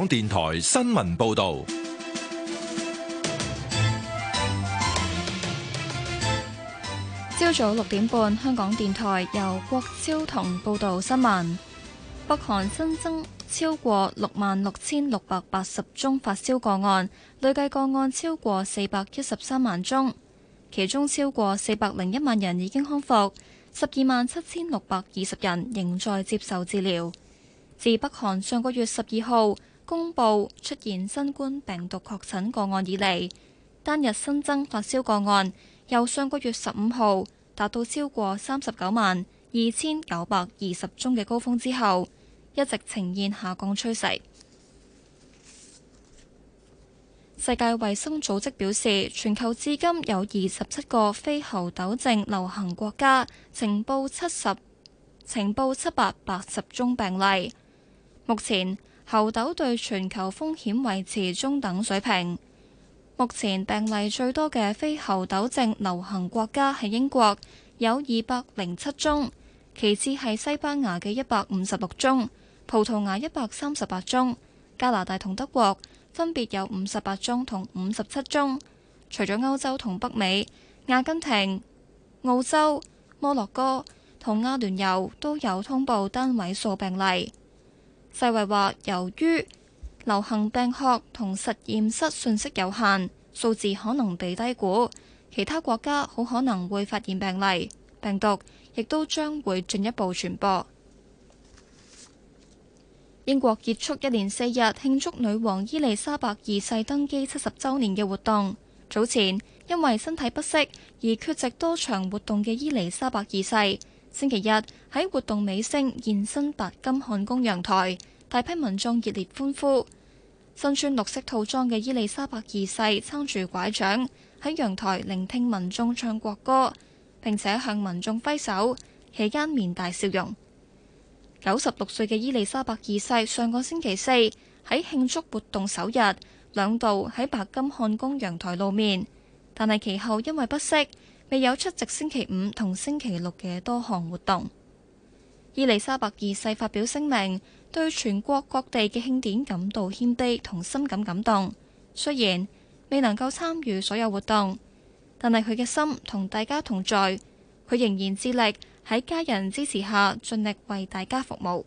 香港電台新聞報道：朝早六點半，香港電台由郭昭同報道新聞。北韓新增超過六萬六千六百八十宗發燒個案，累計個案超過四百一十三萬宗，其中超過四百零一萬人已經康復，十二萬七千六百二十人仍在接受治療。自北韓上個月十二號公布出現新冠病毒確診個案以嚟，單日新增發燒個案由上個月十五號達到超過三十九萬二千九百二十宗嘅高峰之後，一直呈現下降趨勢。世界衛生組織表示，全球至今有二十七個非猴痘症流行國家，呈報七十呈報七百八十宗病例，目前，猴痘對全球風險維持中等水平。目前病例最多嘅非猴痘症流行國家係英國，有二百零七宗；其次係西班牙嘅一百五十六宗，葡萄牙一百三十八宗，加拿大同德國分別有五十八宗同五十七宗。除咗歐洲同北美，阿根廷、澳洲、摩洛哥同阿聯酋都有通報單位數病例。世衛話，由於流行病學同實驗室信息有限，數字可能被低估。其他國家好可能會發現病例，病毒亦都將會進一步傳播。 英國結束一連四日慶祝女王伊麗莎白二世登基七十周年嘅活動。早前因為身體不適而缺席多場活動嘅伊麗莎白二世。星期日喺活動尾聲，現身白金漢宮陽台，大批民眾熱烈歡呼。身穿綠色套裝嘅伊麗莎白二世撐住拐杖喺陽台聆聽民眾唱國歌，並且向民眾揮手，期間面帶笑容。九十六歲嘅伊麗莎白二世上個星期四喺慶祝活動首日兩度喺白金漢宮陽台露面，但係其後因為不適，未有出席星期五同星期六嘅多項活動。伊麗莎白二世發表聲明，對全國各地嘅慶典感到謙卑同深感感動。雖然未能夠參與所有活動，但係佢嘅心同大家同在，佢仍然致力喺家人支持下盡力為大家服務。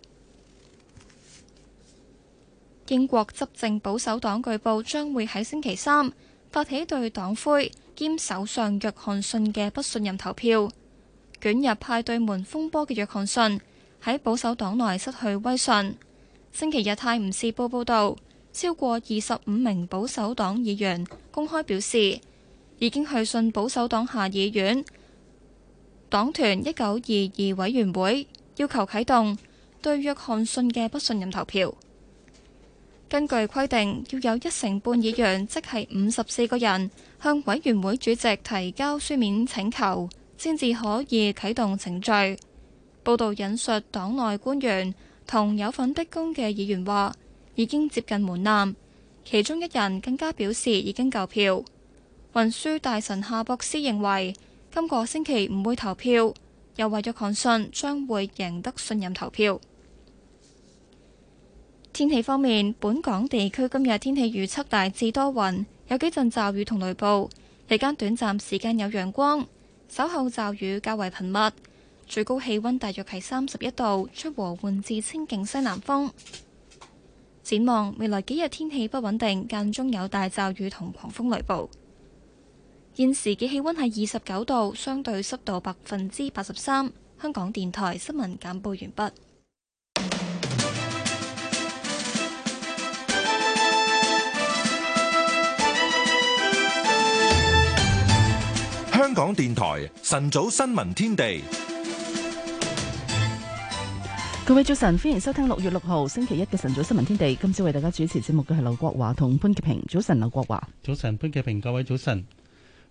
英國執政保守黨據報將會喺星期三發起對黨魁兼首相約翰遜嘅不信任投票，捲入派對門風波嘅約翰遜喺保守黨內失去威信。星期日，《泰晤士報》報道，超過二十五名保守黨議員公開表示已經去信保守黨下議院黨團一九二二委員會要求啟動對約翰遜嘅不信任投票。根據規定，要有一成半議員，即係五十四個人，向委員會主席提交書面請求，先至可以啟動程序。報導引述黨內官員同有份逼宮嘅議員話，已經接近門檻。其中一人更加表示已經夠票。運輸大臣夏博斯認為，今個星期唔會投票，又話約翰遜將會贏得信任投票。天氣方面，本港地區今日天氣預測大致多雲，有幾陣驟雨同雷暴，日間短暫時間有陽光，稍後驟雨較為頻密，最高氣溫大約係三十一度，吹和緩至清勁西南風。展望未來幾日天氣不穩定，間中有大驟雨同狂風雷暴。現時嘅氣溫係二十九度，相對濕度百分之八十三。香港電台新聞簡報完畢。香港電台晨早新聞天地，各位早晨，歡迎收聽六月六號星期一嘅晨早新聞天地。今朝為大家主持節目嘅係劉國華同潘潔平。早晨，劉國華。早晨，潘潔平。各位早晨。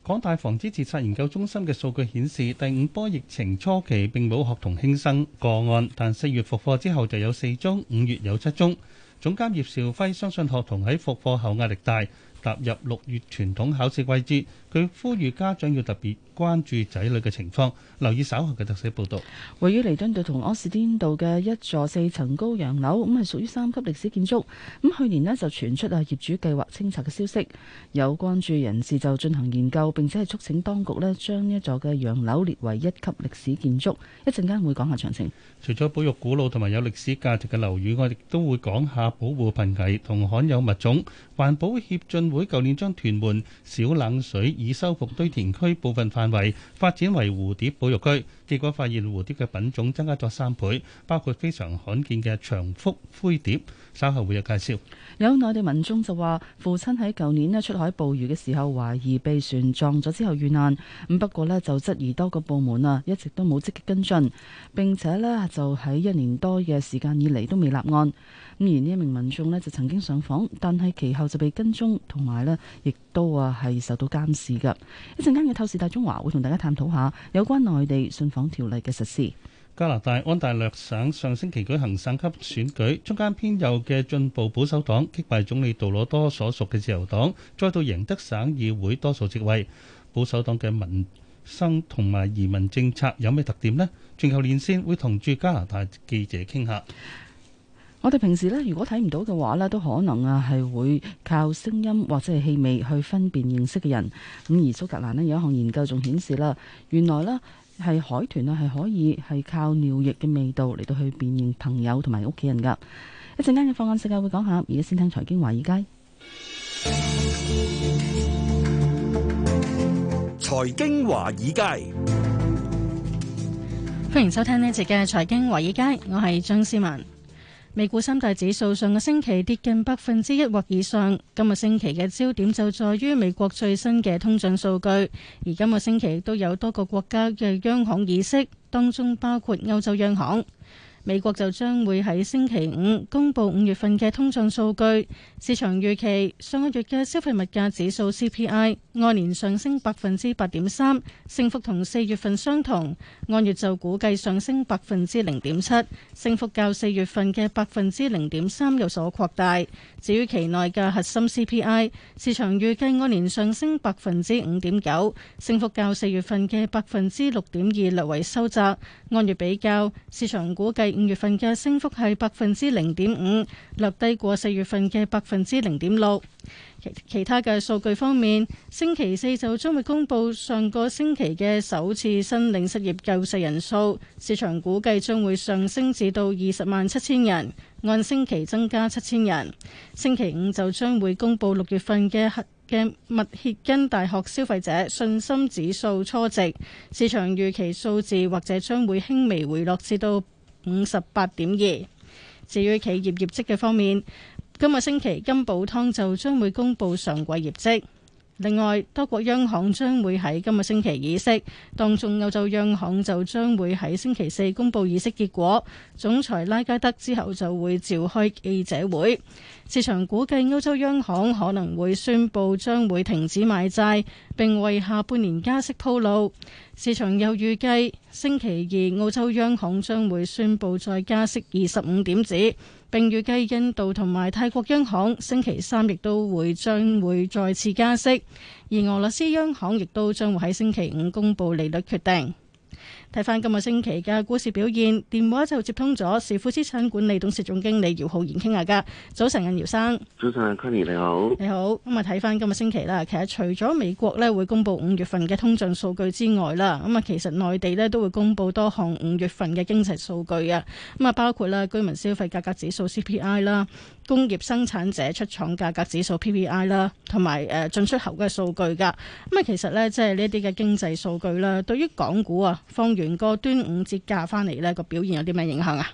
港大防止自殺研究中心嘅數據顯示，第五波疫情初期並冇學童輕生個案，但四月復課之後就有四宗，五月有七宗。總監葉兆輝相信學童喺復課後壓力大，踏入六月傳統考試季節。佢呼籲家長要特別關注仔女嘅情況，留意稍後嘅特寫報道。位於彌敦道同柯士甸道嘅一座四層高洋樓，咁係屬於三級歷史建築。咁去年呢，就傳出啊業主計劃清拆嘅消息，有關注人士就進行研究，並且係促請當局呢將呢座嘅洋樓列為一級歷史建築。一陣間會講下詳情。除咗保育古老同埋有歷史價值嘅樓宇，我哋都會講下保護瀕危同罕有物種。環保協進會舊年將屯門小冷水已修復堆填區部分範圍，發展為蝴蝶保育區。結果發現蝴蝶嘅品種增加咗三倍，包括非常罕見嘅長腹灰蝶。稍後會有介紹。有內地民眾就話：父親喺舊年呢出海捕魚嘅時候，懷疑被船撞咗之後遇難。咁不過呢就質疑多個部門啊一直都冇積極跟進，並且呢就喺一年多嘅時間以嚟都未立案。咁而呢一名民眾呢就曾經上訪，但係其後就被跟蹤，同埋呢亦都啊係受到監視。嘅一陣間嘅透視大中華會同大家探討下有關內地信訪條例嘅實施。加拿大安大略省上星期舉行省級選舉，中間偏右嘅進步保守黨擊敗總理杜魯多所屬嘅自由黨，再到贏得省議會多數席位。保守黨嘅民生同埋移民政策有咩特點呢？全球連線會同駐加拿大記者傾下。我哋平時咧，如果睇唔到嘅話咧，都可能啊係會靠聲音或者係氣味去分辨認識嘅人。咁而蘇格蘭咧有一項研究仲顯示啦，原來咧係海豚啊係可以係靠尿液嘅味道嚟到去辨認朋友同埋屋企人噶。一陣間嘅放眼世界會講下，而家先聽財經華爾街。財經華爾街，歡迎收聽呢一節嘅財經華爾街，我係張思文。美股三大指數上個星期跌近百分之一或以上，今個星期嘅焦點就在於美國最新嘅通脹數據，而今個星期都有多個國家嘅央行議息，當中包括歐洲央行。美國就將會喺星期五公布五月份嘅通脹數據，市場預期上個月嘅消費物價指數 CPI 按年上升百分之八點三，升幅同四月份相同；按月就估計上升百分之零點七，升幅較四月份嘅百分之零點三有所擴大。至於期內嘅核心 CPI，市場預計按年上升百分之五點九，升幅較四月份嘅百分之六點二略為收窄。按月比較，市場估計，五月份嘅升幅係百分之零點五，略低過四月份嘅百分之零點六。其，其他嘅數據方面，星期四就將會公布上個星期嘅首次申領失業救濟人數，市場估計將會上升至到二十萬七千人，按星期增加七千人。星期五就將會公布六月份嘅核嘅密歇根大學消費者信心指數初值，市場預期數字或者將會輕微回落至到。五十八點二。至於企業業績嘅方面，今個星期金寶湯就將會公布上季業績。另外，多國央行將會喺今個星期議息，當中歐洲央行就將會喺星期四公佈議息結果。總裁拉加德之後就會召開記者會。市場估計歐洲央行可能會宣佈將會停止買債，並為下半年加息鋪路。市場又預計。星期二，澳洲央行將會宣布再加息二十五點子，並預計印度同埋泰國央行星期三亦都會將會再次加息，而俄羅斯央行亦都將會喺星期五公布利率決定。睇翻今個星期嘅股市表現，電話就接通咗時富資產管理董事總經理姚浩然傾下噶。早晨啊，姚生。早晨啊，Kenny，你好。你好。咁啊，睇翻今個星期啦，其實除咗美國呢會公布五月份嘅通脹數據之外啦，咁啊，其實內地呢都會公布多項五月份嘅經濟數據啊。咁啊，包括啦居民消費價格指數 CPI 啦、工業生產者出廠價格指數 PPI 啦，同埋誒進出口嘅數據噶。咁啊，其實呢，即係呢啲嘅經濟數據啦，對於港股啊，方全個端午節假翻嚟咧，個表現有啲咩影響啊？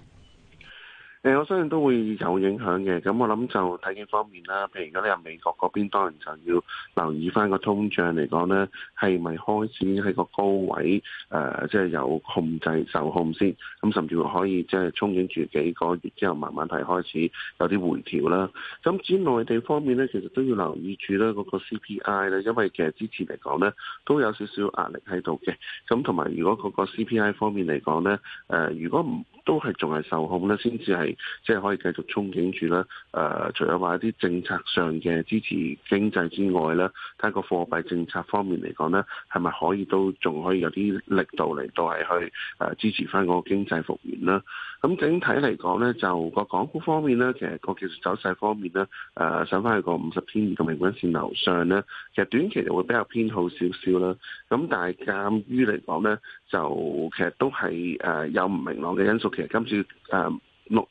我相信都會有影響嘅。咁我諗就睇緊方面啦，譬如如果你係美國嗰邊，當然就要留意翻個通脹嚟講呢係咪開始喺個高位？誒、呃，即、就、係、是、有控制、受控先。咁甚至乎可以即係憧憬住幾個月之後，慢慢提開始有啲回調啦。咁至於內地方面呢，其實都要留意住呢嗰個 CPI 呢，因為其實之前嚟講呢，都有少少壓力喺度嘅。咁同埋如果嗰個 CPI 方面嚟講呢，誒、呃，如果唔都係仲係受控咧，先至係即係可以繼續憧憬住啦。誒、呃，除咗話一啲政策上嘅支持經濟之外咧，睇個貨幣政策方面嚟講咧，係咪可以都仲可以有啲力度嚟到係去誒、呃、支持翻嗰個經濟復原啦？咁整體嚟講咧，就個港股方面咧，其實個技術走勢方面咧，誒、呃、上翻去50，個五十天線同平均線樓上咧，其實短期就會比較偏好少少啦。咁但係鑒於嚟講咧，就其實都係誒有唔明朗嘅因素，其實今次誒。呃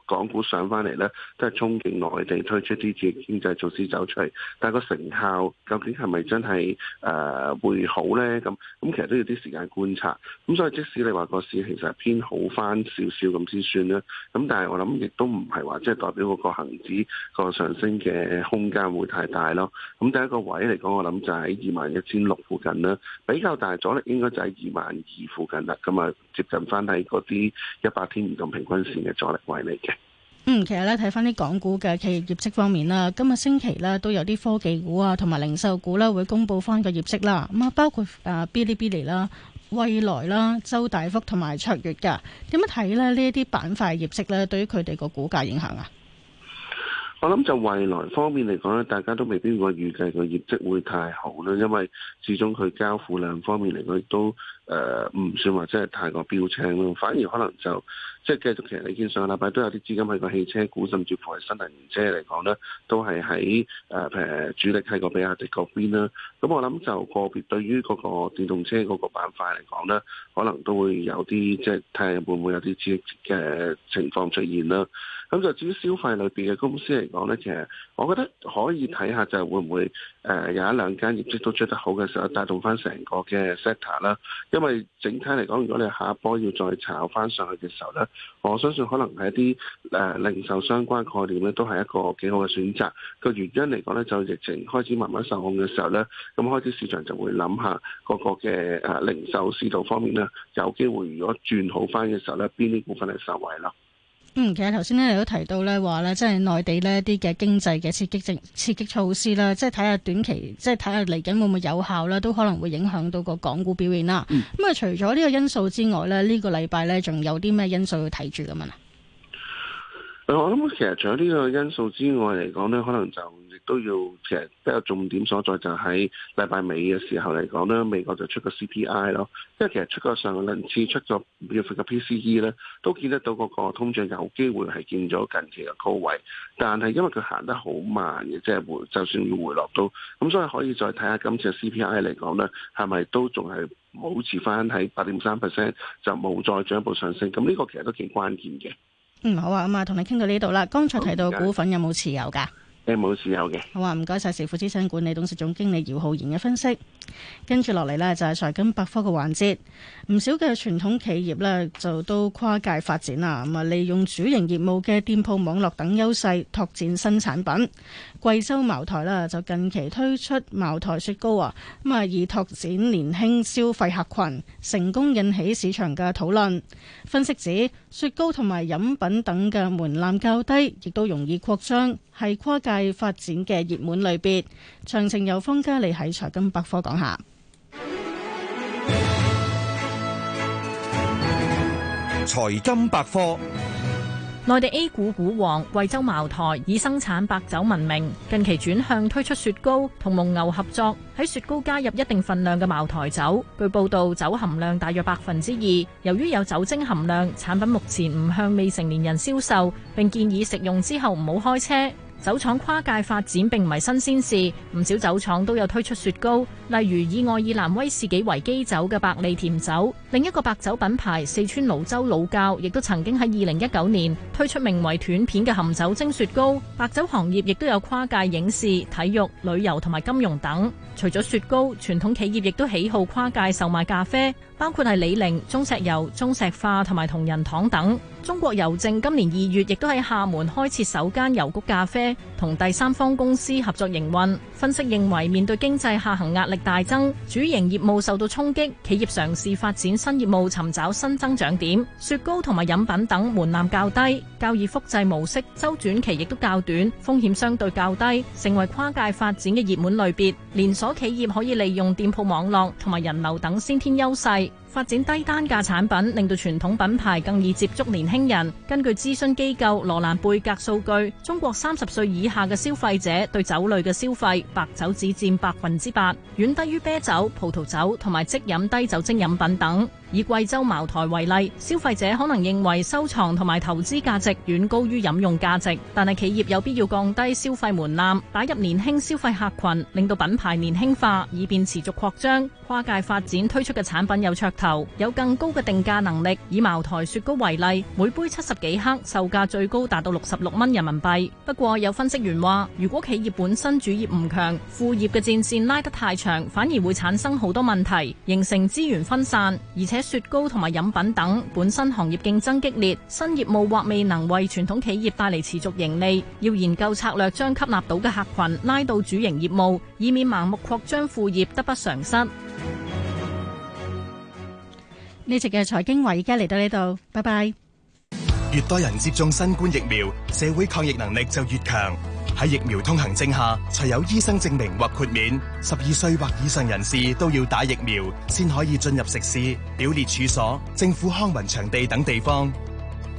港股上翻嚟呢，都係憧憬內地推出啲嘅經濟措施走出嚟，但係個成效究竟係咪真係誒、呃、會好呢？咁咁其實都要啲時間觀察。咁所以即使你話個市其實係偏好翻少少咁先算啦。咁但係我諗亦都唔係話即係代表嗰個恆指、個上升嘅空間會太大咯。咁第一個位嚟講，我諗就喺二萬一千六附近啦，比較大阻力應該就喺二萬二附近啦。咁啊，接近翻喺嗰啲一百天移動平均線嘅阻力位。嚟嘅，嗯，其實咧睇翻啲港股嘅企業業績方面啦，今日星期咧都有啲科技股啊，同埋零售股啦，啊、會公布翻個業績啦。咁啊，包括誒嗶哩嗶哩啦，蔚、呃、來啦、周大福同埋卓越噶，點樣睇咧？呢一啲板塊業績咧，對於佢哋個股價影響啊？我諗就蔚來方面嚟講咧，大家都未必會預計個業績會太好啦，因為始終佢交付量方面嚟講都誒唔、呃、算話真係太過標青咯，反而可能就。即係繼續，其實你見上個禮拜都有啲資金喺個汽車股，甚至乎係新能源車嚟講咧，都係喺誒誒主力喺個比亞迪嗰邊啦。咁我諗就個別對於嗰個電動車嗰個板塊嚟講咧，可能都會有啲即係睇下會唔會有啲刺激嘅情況出現啦。咁就至於消費裏邊嘅公司嚟講咧，其實我覺得可以睇下就係會唔會誒有一兩間業績都出得好嘅時候，帶動翻成個嘅 sector 啦。因為整體嚟講，如果你下一波要再炒翻上去嘅時候咧，我相信可能係一啲誒零售相關概念咧，都係一個幾好嘅選擇。個原因嚟講咧，就疫情開始慢慢受控嘅時候咧，咁開始市場就會諗下個個嘅誒零售市道方面咧，有機會如果轉好翻嘅時候咧，邊啲股份係受惠啦。嗯，其實頭先咧，你都提到咧，話咧，即係內地呢一啲嘅經濟嘅刺激政刺激措施啦，即係睇下短期，即係睇下嚟緊會唔會有效啦，都可能會影響到個港股表現啦。咁啊、嗯，除咗呢個因素之外咧，呢、呢個禮拜咧仲有啲咩因素要睇住咁樣啊？我諗其實除咗呢個因素之外嚟講咧，可能就。都要其實比較重點所在就喺禮拜尾嘅時候嚟講咧，美國就出個 CPI 咯。因為其實出個上輪次出咗五月份嘅 PCE 呢，都見得到嗰個通脹有機會係見咗近期嘅高位，但係因為佢行得好慢嘅，即係回就算要回落到咁，所以可以再睇下今次嘅 CPI 嚟講呢，係咪都仲係保持翻喺八點三 percent，就冇再進一步上升。咁呢個其實都幾關鍵嘅。嗯，好啊，咁啊，同你傾到呢度啦。剛才提到股份有冇持有噶？你冇持有嘅。有有，好啊，唔該晒，時富資產管理董事總經理姚浩然嘅分析。跟住落嚟呢，就係、是、財經百科嘅環節。唔少嘅傳統企業呢，就都跨界發展啊。咁啊，利用主營業務嘅店鋪網絡等優勢，拓展新產品。貴州茅台啦，就近期推出茅台雪糕啊。咁啊，以拓展年輕消費客群，成功引起市場嘅討論。分析指，雪糕同埋飲品等嘅門檻較，較低，亦都容易擴張，係跨界。係發展嘅熱門類別。詳情由方嘉利喺財金百科講下。財金百科，內地 A 股股王貴州茅台以生產白酒聞名，近期轉向推出雪糕，同蒙牛合作，喺雪糕加入一定份量嘅茅台酒。據報道，酒含量大約百分之二。由於有酒精含量，產品目前唔向未成年人銷售，并建議食用之後唔好開車。酒廠跨界發展並唔係新鮮事，唔少酒廠都有推出雪糕，例如以愛爾蘭威士忌為基酒嘅百利甜酒，另一個白酒品牌四川瀘州老窖亦都曾經喺二零一九年推出名為《斷片》嘅含酒精雪糕。白酒行業亦都有跨界影視、體育、旅遊同埋金融等。除咗雪糕，傳統企業亦都喜好跨界售賣咖啡。包括係李寧、中石油、中石化同埋同仁堂等。中國郵政今年二月亦都喺廈門開設首間郵局咖啡，同第三方公司合作營運。分析認為，面對經濟下行壓力大增，主營業務受到衝擊，企業嘗試發展新業務，尋找新增長點。雪糕同埋飲品等門檻較低，較易複製模式，周轉期亦都較短，風險相對較低，成為跨界發展嘅熱門類別。連鎖企業可以利用店鋪網絡同埋人流等先天優勢。發展低單價產品，令到傳統品牌更易接觸年輕人。根據諮詢機構羅蘭貝格數據，中國三十歲以下嘅消費者對酒類嘅消費，白酒只占百分之八，遠低於啤酒、葡萄酒同埋即飲低酒精飲品等。以貴州茅台為例，消費者可能認為收藏同埋投資價值遠高於飲用價值，但係企業有必要降低消費門檻，打入年輕消費客羣，令到品牌年輕化，以便持續擴張、跨界發展。推出嘅產品有噱頭，有更高嘅定價能力。以茅台雪糕為例，每杯七十幾克，售價最高達到六十六蚊人民幣。不過有分析員話，如果企業本身主業唔強，副業嘅戰綫拉得太長，反而會產生好多問題，形成資源分散，而且。雪糕同埋飲品等本身行業競爭激烈，新業務或未能為傳統企業帶嚟持續盈利，要研究策略將吸納到嘅客群拉到主營業務，以免盲目擴張副業得不償失。呢集嘅財經話，而家嚟到呢度，拜拜。越多人接種新冠疫苗，社會抗疫能力就越強。喺疫苗通行證下，除有醫生證明或豁免，十二歲或以上人士都要打疫苗，先可以進入食肆、表列處所、政府康文場地等地方。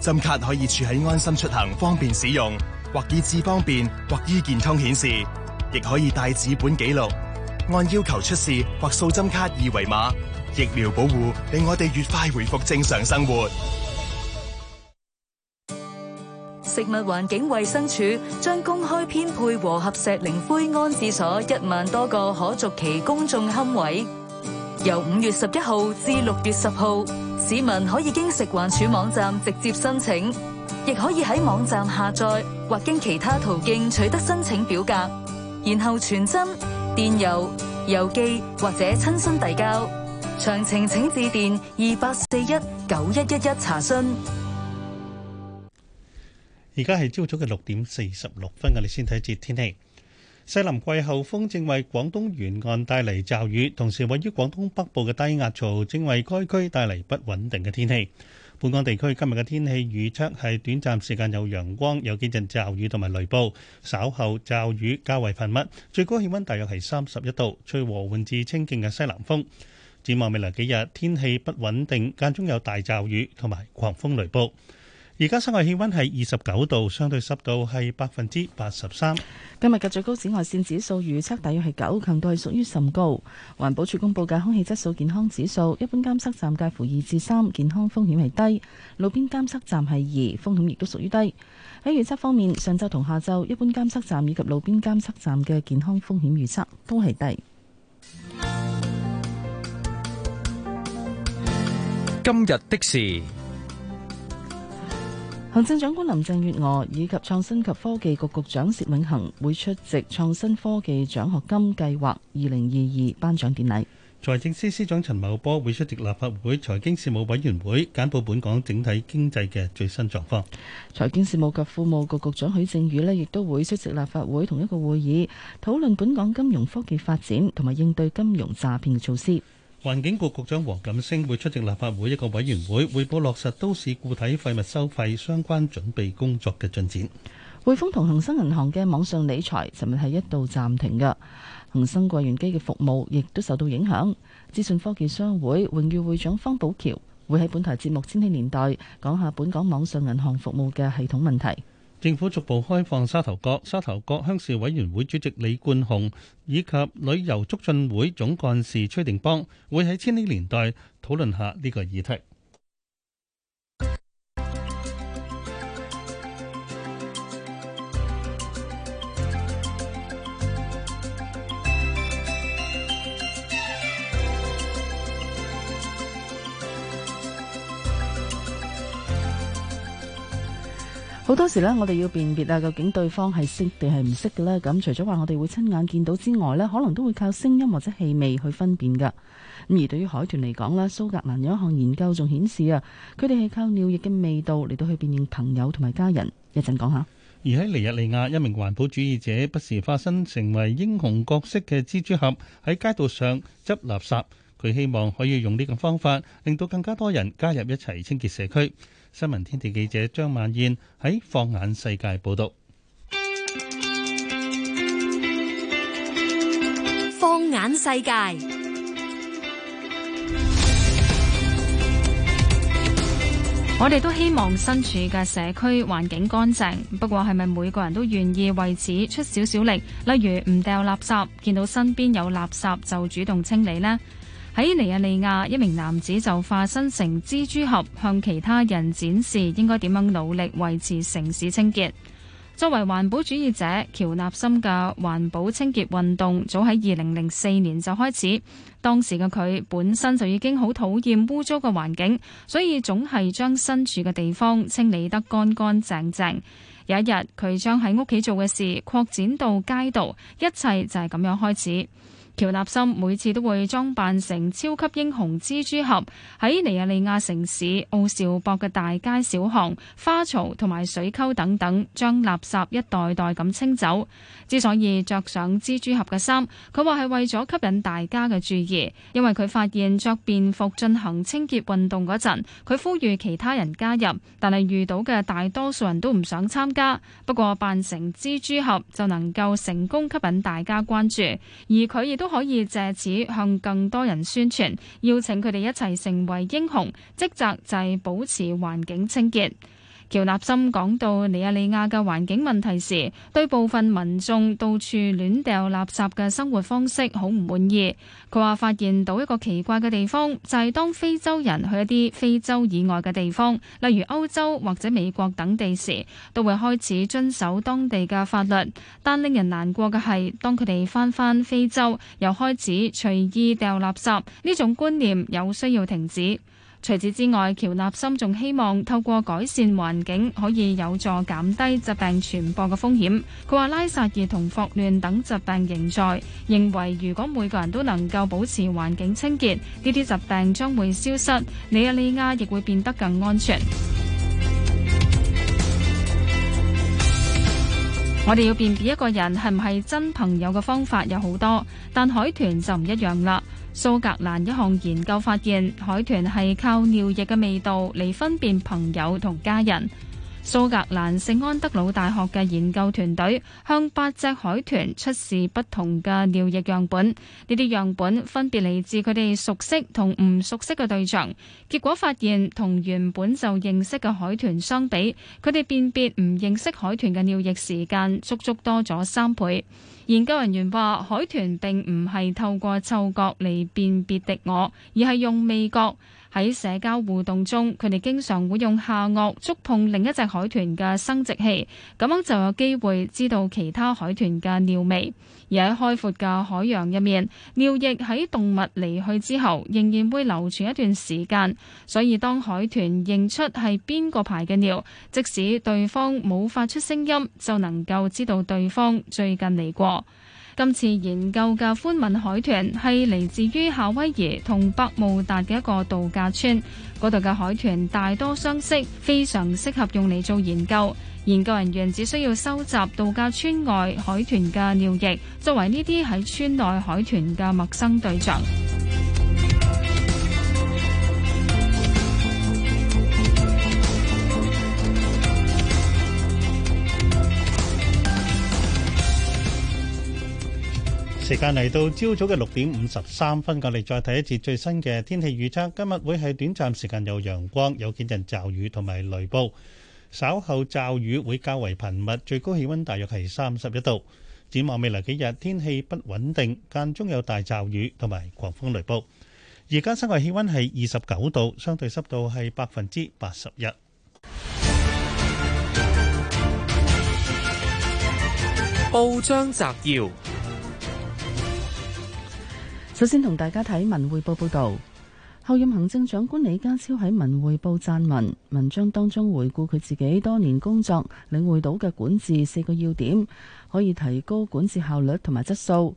針卡可以儲喺安心出行，方便使用，或以智方便，或醫健通顯示，亦可以帶紙本記錄，按要求出示或掃針卡二維碼。疫苗保護令我哋越快回復正常生活。食物環境衛生署將公開編配和合石靈灰安置所一萬多個可續期公眾坑位，由五月十一號至六月十號，市民可以經食環署網站直接申請，亦可以喺網站下載或經其他途徑取得申請表格，然後傳真、電郵、郵寄或者親身遞交。詳情請致電二八四一九一一一查詢。而家係朝早嘅六點四十六分，我哋先睇一節天氣。西南季候風正為廣東沿岸帶嚟驟雨，同時位於廣東北部嘅低壓槽正為該區帶嚟不穩定嘅天氣。本港地區今日嘅天氣預測係短暫時間有陽光，有幾陣驟雨同埋雷暴，稍後驟雨較為頻密，最高氣溫大約係三十一度，吹和緩至清勁嘅西南風。展望未來幾日天氣不穩定，間中有大驟雨同埋狂風雷暴。而家室外氣溫係二十九度，相對濕度係百分之八十三。今日嘅最高紫外線指數預測大約係九，強度係屬於甚高。環保署公布嘅空氣質素健康指數，一般監測站介乎二至三，健康風險係低；路邊監測站係二，風險亦都屬於低。喺預測方面，上晝同下晝，一般監測站以及路邊監測站嘅健康風險預測都係低。今日的事。行政長官林鄭月娥以及創新及科技局局長薛永恆會出席創新科技獎學金計劃二零二二頒獎典禮。財政司司長陳茂波會出席立法會財經事務委員會簡報本港整體經濟嘅最新狀況。財經事務及庫務局局長許正宇呢亦都會出席立法會同一個會議，討論本港金融科技發展同埋應對金融詐騙嘅措施。環境局局長黃錦星會出席立法會一個委員會匯報落實都市固體廢物收費相關準備工作嘅進展。匯豐同恒生銀行嘅網上理財尋日係一度暫停嘅，恒生櫃員機嘅服務亦都受到影響。資訊科技商會榮譽會長方寶橋會喺本台節目《千禧年代》講下本港網上銀行服務嘅系統問題。政府逐步開放沙頭角，沙頭角鄉事委員會主席李冠雄以及旅遊促進會總幹事崔定邦會喺千禧年代討論下呢個議題。好多時呢，我哋要辨別啊，究竟對方係識定係唔識嘅呢。咁除咗話我哋會親眼見到之外呢，可能都會靠聲音或者氣味去分辨噶。咁而對於海豚嚟講呢，蘇格蘭有一項研究仲顯示啊，佢哋係靠尿液嘅味道嚟到去辨認朋友同埋家人。一陣講下。而喺尼日利亞，一名環保主義者不時化身成為英雄角色嘅蜘蛛俠喺街道上執垃圾，佢希望可以用呢個方法令到更加多人加入一齊清潔社區。新聞天地記者張萬燕喺放眼世界報道。放眼世界，世界我哋都希望身處嘅社區環境乾淨，不過係咪每個人都願意為此出少少力？例如唔掉垃圾，見到身邊有垃圾就主動清理呢？喺尼日利亞，一名男子就化身成蜘蛛俠，向其他人展示應該點樣努力維持城市清潔。作為環保主義者，喬納森嘅環保清潔運動早喺二零零四年就開始。當時嘅佢本身就已經好討厭污糟嘅環境，所以總係將身處嘅地方清理得乾乾淨淨。有一日，佢將喺屋企做嘅事擴展到街道，一切就係咁樣開始。喬立森每次都會裝扮成超級英雄蜘蛛俠，喺尼日利亞城市奧紹博嘅大街小巷、花槽同埋水溝等等，將垃圾一袋袋咁清走。之所以着上蜘蛛俠嘅衫，佢話係為咗吸引大家嘅注意，因為佢發現着便服進行清潔運動嗰陣，佢呼籲其他人加入，但係遇到嘅大多數人都唔想參加。不過扮成蜘蛛俠就能夠成功吸引大家關注，而佢亦都，可以借此向更多人宣傳，邀請佢哋一齊成為英雄，職責就係保持環境清潔。喬納森講到尼日利亞嘅環境問題時，對部分民眾到處亂掉垃圾嘅生活方式好唔滿意。佢話發現到一個奇怪嘅地方，就係、是、當非洲人去一啲非洲以外嘅地方，例如歐洲或者美國等地時，都會開始遵守當地嘅法律。但令人難過嘅係，當佢哋翻翻非洲，又開始隨意掉垃圾，呢種觀念有需要停止。除此之外，喬納森仲希望透過改善環境，可以有助減低疾病傳播嘅風險。佢話拉沙熱同霍亂等疾病仍在，認為如果每個人都能夠保持環境清潔，呢啲疾病將會消失，尼日利亞亦會變得更安全。 我哋要辨別一個人係唔係真朋友嘅方法有好多，但海豚就唔一樣啦。蘇格蘭一項研究發現，海豚係靠尿液嘅味道嚟分辨朋友同家人。蘇格蘭聖安德魯大學嘅研究團隊向八隻海豚出示不同嘅尿液樣本，呢啲樣本分別嚟自佢哋熟悉同唔熟悉嘅對象。結果發現，同原本就認識嘅海豚相比，佢哋辨別唔認識海豚嘅尿液時間足足多咗三倍。研究人員話：海豚並唔係透過嗅覺嚟辨別敵我，而係用味覺。喺社交互動中，佢哋經常會用下顎觸碰另一隻海豚嘅生殖器，咁樣就有機會知道其他海豚嘅尿味。而喺開闊嘅海洋入面，尿液喺動物離去之後仍然會流傳一段時間，所以當海豚認出係邊個排嘅尿，即使對方冇發出聲音，就能夠知道對方最近嚟過。今次研究嘅寬吻海豚係嚟自於夏威夷同百慕達嘅一個度假村，嗰度嘅海豚大多相識，非常適合用嚟做研究。研究人員只需要收集度假村外海豚嘅尿液，作為呢啲喺村內海豚嘅陌生對象。時間嚟到朝早嘅六點五十三分，我哋再睇一次最新嘅天氣預測。今日會係短暫時間有陽光，有幾陣驟雨同埋雷暴。稍後驟雨會較為頻密，最高氣溫大約係三十一度。展望未來幾日，天氣不穩定，間中有大驟雨同埋狂風雷暴。而家室外氣溫係二十九度，相對濕度係百分之八十一。報章摘要。首先同大家睇文匯報報道，候任行政長官李家超喺文匯報撰文，文章當中回顧佢自己多年工作領會到嘅管治四個要點，可以提高管治效率同埋質素。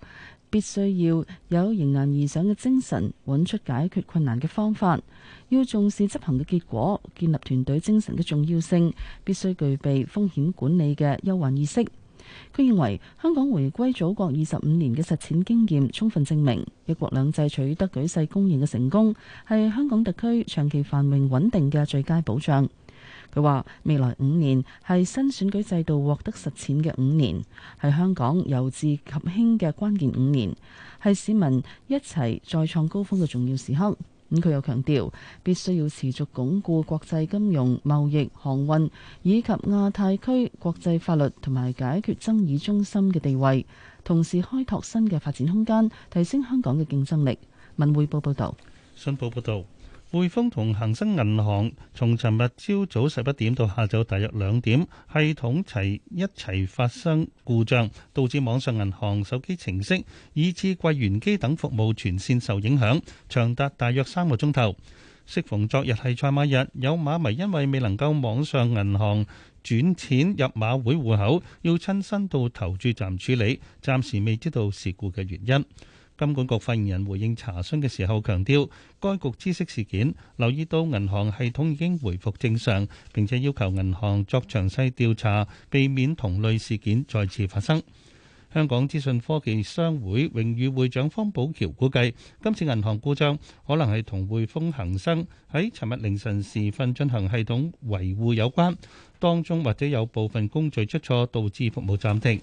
必須要有迎難而上嘅精神，揾出解決困難嘅方法，要重視執行嘅結果，建立團隊精神嘅重要性，必須具備風險管理嘅憂患意識。佢認為香港回歸祖國二十五年嘅實踐經驗，充分證明一國兩制取得舉世公認嘅成功，係香港特區長期繁榮穩定嘅最佳保障。佢話：未來五年係新選舉制度獲得實踐嘅五年，係香港由治及興嘅關鍵五年，係市民一齊再創高峰嘅重要時刻。咁佢又強調，必須要持續鞏固國際金融、貿易、航運以及亞太區國際法律同埋解決爭議中心嘅地位，同時開拓新嘅發展空間，提升香港嘅競爭力。文匯報報導，新報報導。匯豐同恒生銀行從尋日朝早十一點到下晝大約兩點，系統齊一齊發生故障，導致網上銀行、手機程式、以至櫃員機等服務全線受影響，長達大約三個鐘頭。適逢昨日係賽馬日，有馬迷因為未能夠網上銀行轉錢入馬會戶口，要親身到投注站處理。暫時未知道事故嘅原因。金管局發言人回應查詢嘅時候強調，該局知悉事件，留意到銀行系統已經回復正常，並且要求銀行作詳細調查，避免同類事件再次發生。香港資訊科技商會榮譽會長方保僑估計，今次銀行故障可能係同匯豐恒生喺尋日凌晨時分進行系統維護有關，當中或者有部分工序出錯，導致服務暫停。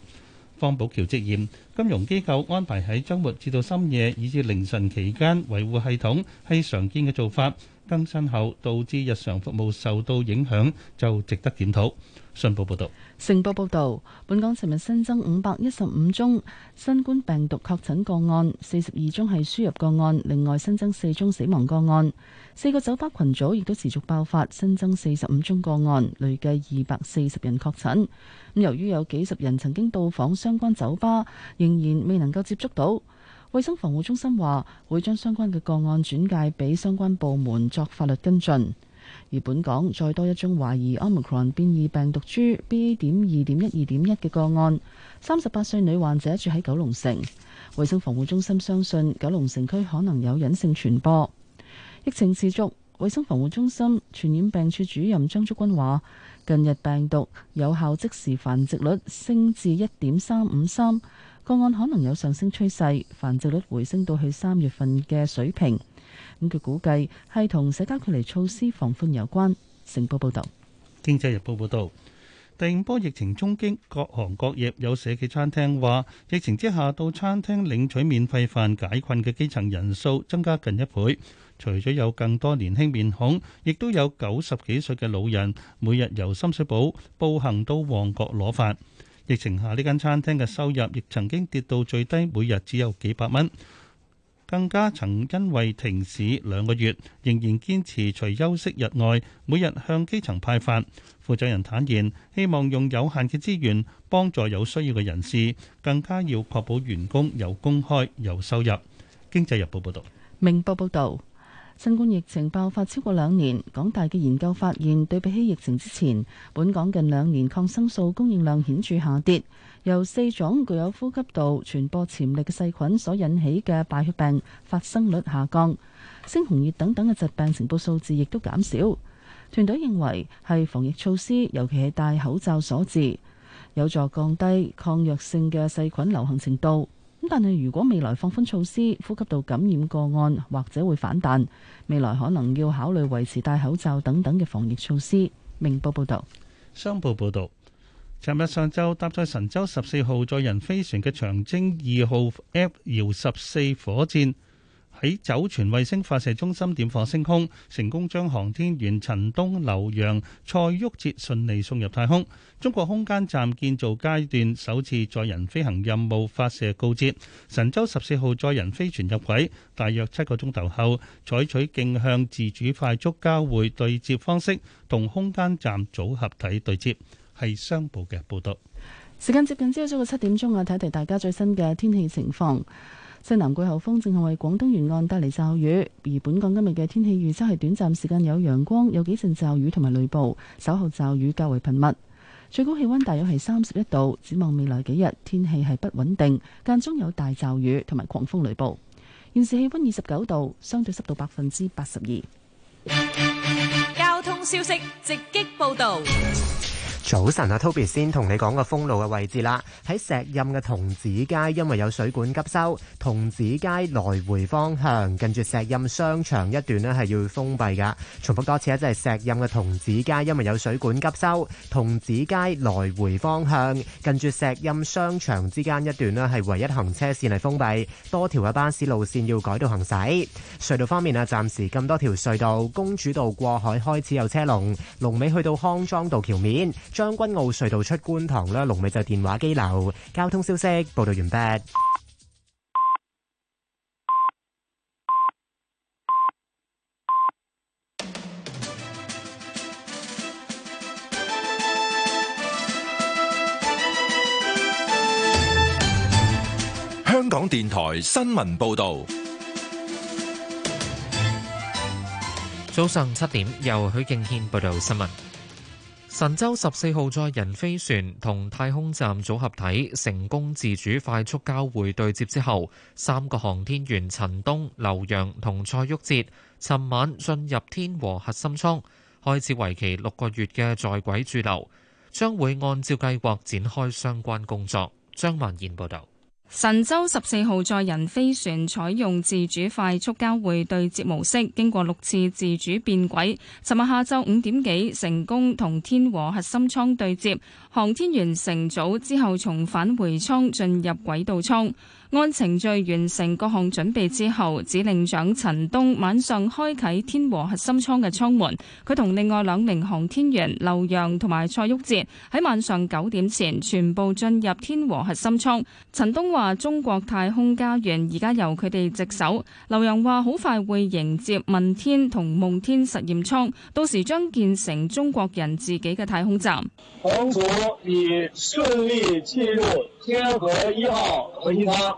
方保僑直言，金融機構安排喺周末至到深夜以至凌晨期間維護系統係常見嘅做法，更新後導致日常服務受到影響就值得檢討。成報報道，本港昨日新增五百一十五宗新冠病毒確診個案，四十二宗係輸入個案，另外新增四宗死亡個案。四個酒吧群組亦都持續爆發，新增四十五宗個案，累計二百四十人確診。咁由於有幾十人曾經到訪相關酒吧，仍然未能夠接觸到。衛生防護中心話會將相關嘅個案轉介俾相關部門作法律跟進。而本港再多一宗懷疑 Omicron 變異病毒株 BA 點二點一二點一嘅個案，三十八歲女患者住喺九龍城，衛生防護中心相信九龍城區可能有隱性傳播。疫情持續，衛生防護中心傳染病處主任張竹君話，近日病毒有效即時繁殖率升至一點三五三，個案可能有上升趨勢，繁殖率回升到去三月份嘅水平。咁據估計係同社交距離措施放寬有關。成報報導，《經濟日報》報導，第五波疫情中，經各行各業有社企餐廳話，疫情之下到餐廳領取免費飯解困嘅基層人數增加近一倍。除咗有更多年輕面孔，亦都有九十幾歲嘅老人，每日由深水埗步行到旺角攞飯。疫情下呢間餐廳嘅收入亦曾經跌到最低，每日只有幾百蚊。更加曾因為停市兩個月，仍然堅持除休息日外，每日向基層派發。負責人坦言，希望用有限嘅資源幫助有需要嘅人士，更加要確保員工有工開有收入。經濟日報報道。明報報道，新冠疫情爆發超過兩年，港大嘅研究發現，對比起疫情之前，本港近兩年抗生素供應量顯著下跌。由四種具有呼吸道傳播潛力嘅細菌所引起嘅敗血病發生率下降，猩紅熱等等嘅疾病呈報數字亦都減少。團隊認為係防疫措施，尤其係戴口罩所致，有助降低抗藥性嘅細菌流行程度。咁但係如果未來放寬措施，呼吸道感染個案或者會反彈，未來可能要考慮維持戴口罩等等嘅防疫措施。明報報道，商報報道。尋日上晝，搭載神舟十四號載人飛船嘅長征二號 F 遙十四火箭喺酒泉衛星發射中心點火升空，成功將航天員陳冬、劉洋、蔡旭哲順利送入太空。中國空間站建造階段首次載人飛行任務發射告捷。神舟十四號載人飛船入軌大約七個鐘頭後，採取徑向自主快速交會對接方式，同空間站組合體對接。係商報嘅報道。時間接近朝早嘅七點鐘啊，睇睇大家最新嘅天氣情況。西南季候風正係為廣東沿岸帶嚟驟雨，而本港今日嘅天氣預測係短暫時間有陽光，有幾陣驟雨同埋雷暴，稍後驟雨較為頻密。最高氣溫大約係三十一度。展望未來幾日天氣係不穩定，間中有大驟雨同埋狂風雷暴。現時氣溫二十九度，相對濕度百分之八十二。交通消息直擊報道。早晨啊，Toby 先同你講個封路嘅位置啦。喺石蔭嘅童子街，因為有水管急修，童子街來回方向近住石蔭商場一段呢係要封閉噶。重複多次咧，即係石蔭嘅童子街，因為有水管急修，童子街來回方向近住石蔭商場之間一段呢係唯一行車線係封閉，多條嘅巴士路線要改道行駛。隧道方面啊，暫時咁多條隧道，公主道過海開始有車龍，龍尾去到康莊道橋面。將軍澳隧道，出觀塘啦，龍尾就電話機樓。交通消息報道完畢。香港電台新聞報道，早上七點由許敬軒報道新聞。神舟十四號載人飛船同太空站組合體成功自主快速交會對接之後，三個航天員陳冬、劉洋同蔡旭哲尋晚進入天和核心艙，開始為期六個月嘅在軌駐留，將會按照計劃展開相關工作。張萬燕報道。神舟十四號載人飛船採用自主快速交會對接模式，經過六次自主變軌，尋日下晝五點幾成功同天和核心艙對接，航天員乘組之後重返回艙，進入軌道艙。按程序完成各項準備之後，指令長陳東晚上開啟天和核心艙嘅艙門。佢同另外兩名航天員劉洋同埋蔡旭哲喺晚上九點前全部進入天和核心艙。陳東話：中國太空家園而家由佢哋值守。劉洋話：好快會迎接問天同夢天實驗艙，到時將建成中國人自己嘅太空站。航天已順利進入天和一號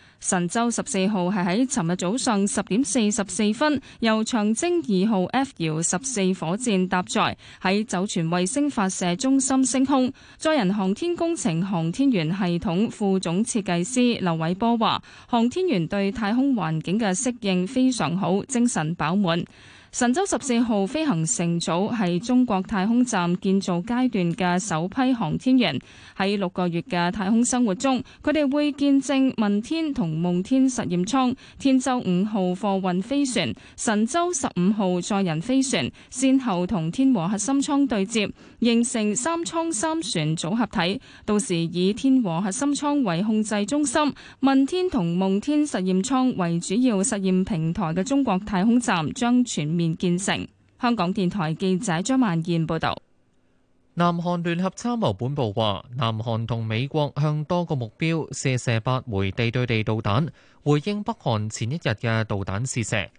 神舟十四號係喺尋日早上十點四十四分，由長征二號 F 遙十四火箭搭載喺酒泉衛星發射中心升空。載人航天工程航天員系統副總設計師劉偉波話，航天員對太空環境嘅適應非常好，精神飽滿。神舟十四號飛行乘組係中國太空站建造階段嘅首批航天員，喺六個月嘅太空生活中，佢哋會見證問天同夢天實驗艙、天舟五號貨運飛船、神舟十五號載人飛船先後同天和核心艙對接，形成三艙三船組合體。到時以天和核心艙為控制中心，問天同夢天實驗艙為主要實驗平台嘅中國太空站將全面。建成。香港電台記者張萬健報道。南韓聯合參謀本部話，南韓同美國向多個目標射射八枚地對地導彈，回應北韓前一日嘅導彈試射。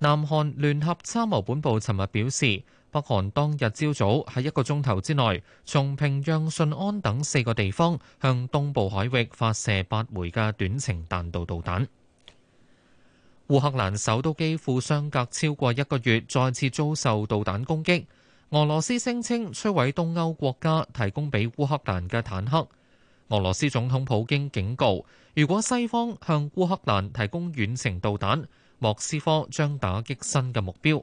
南韓聯合參謀本部尋日表示，北韓當日朝早喺一個鐘頭之內，從平壤、順安等四個地方向東部海域發射八枚嘅短程彈道導彈。烏克蘭首都幾乎相隔超過一個月，再次遭受導彈攻擊。俄羅斯聲稱摧毀東歐國家提供俾烏克蘭嘅坦克。俄羅斯總統普京警告，如果西方向烏克蘭提供遠程導彈，莫斯科將打擊新嘅目標。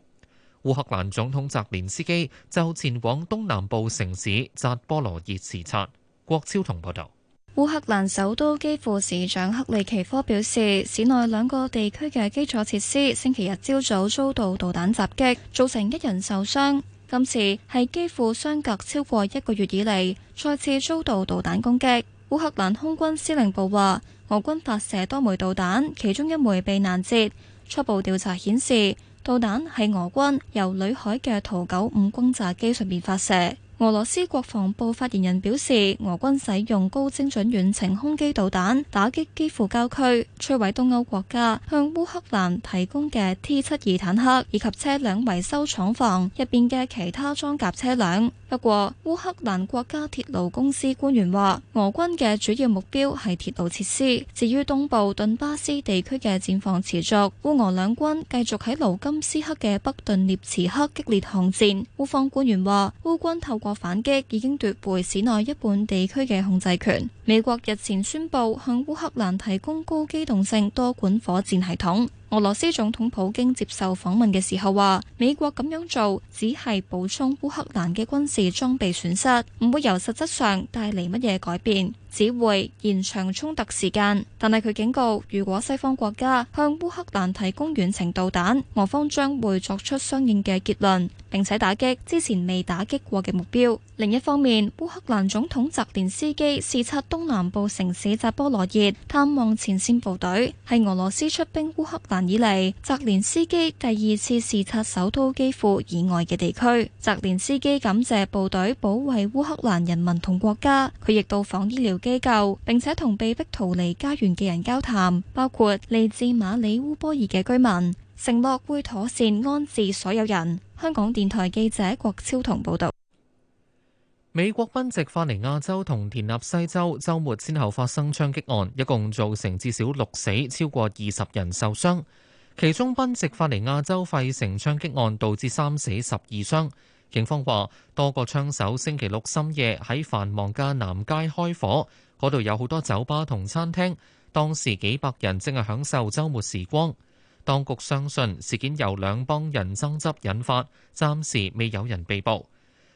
烏克蘭總統澤連斯基就前往東南部城市扎波羅熱視察。郭超同報導。烏克蘭首都基輔市長克利奇科表示，市內兩個地區嘅基礎設施星期日朝早遭到導彈襲擊，造成一人受傷。今次係基輔相隔超過一個月以嚟，再次遭到導彈攻擊。烏克蘭空軍司令部話，俄軍發射多枚導彈，其中一枚被攔截。初步調查顯示，導彈係俄軍由裏海嘅圖九五轟炸機上面發射。俄羅斯國防部發言人表示，俄軍使用高精準遠程空基導彈打擊基輔郊區，摧毀東歐國家向烏克蘭提供嘅 T 七二坦克以及車輛維修廠房入邊嘅其他裝甲車輛。不過，烏克蘭國家鐵路公司官員話，俄軍嘅主要目標係鐵路設施。至於東部頓巴斯地區嘅戰況持續，烏俄兩軍繼續喺盧金斯克嘅北頓涅茨克激烈巷戰。烏方官員話，烏軍透過反擊已經奪回市內一半地區嘅控制權。美國日前宣布向烏克蘭提供高機動性多管火箭系統。俄羅斯總統普京接受訪問嘅時候話，美國咁樣做只係補充烏克蘭嘅軍事裝備損失，唔會由實質上帶嚟乜嘢改變。只會延長衝突時間，但係佢警告，如果西方國家向烏克蘭提供遠程導彈，俄方將會作出相應嘅結論，並且打擊之前未打擊過嘅目標。另一方面，烏克蘭總統澤連斯基視察東南部城市扎波羅熱，探望前綫部隊，係俄羅斯出兵烏克蘭以嚟，澤連斯基第二次視察首都基輔以外嘅地區。澤連斯基感謝部隊保衛烏克蘭人民同國家，佢亦到訪醫療。機構，並且同被迫逃離家園嘅人交談，包括嚟自馬里烏波爾嘅居民，承諾會妥善安置所有人。香港電台記者郭超同報道。美國賓夕法尼亞州同田納西州周末先後發生槍擊案，一共造成至少六死，超過二十人受傷，其中賓夕法尼亞州費城槍擊案導致三死十二傷。警方話，多個槍手星期六深夜喺繁忙嘅南街開火，嗰度有好多酒吧同餐廳，當時幾百人正係享受周末時光。當局相信事件由兩幫人爭執引發，暫時未有人被捕。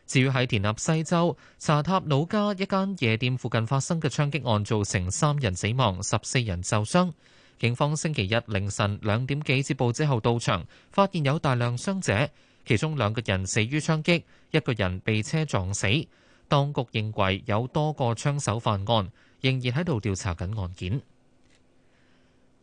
至於喺田納西州查塔努加一間夜店附近發生嘅槍擊案，造成三人死亡、十四人受傷。警方星期日凌晨兩點幾接報之後到場，發現有大量傷者。其中兩個人死於槍擊，一個人被車撞死。當局認為有多個槍手犯案，仍然喺度調查緊案件。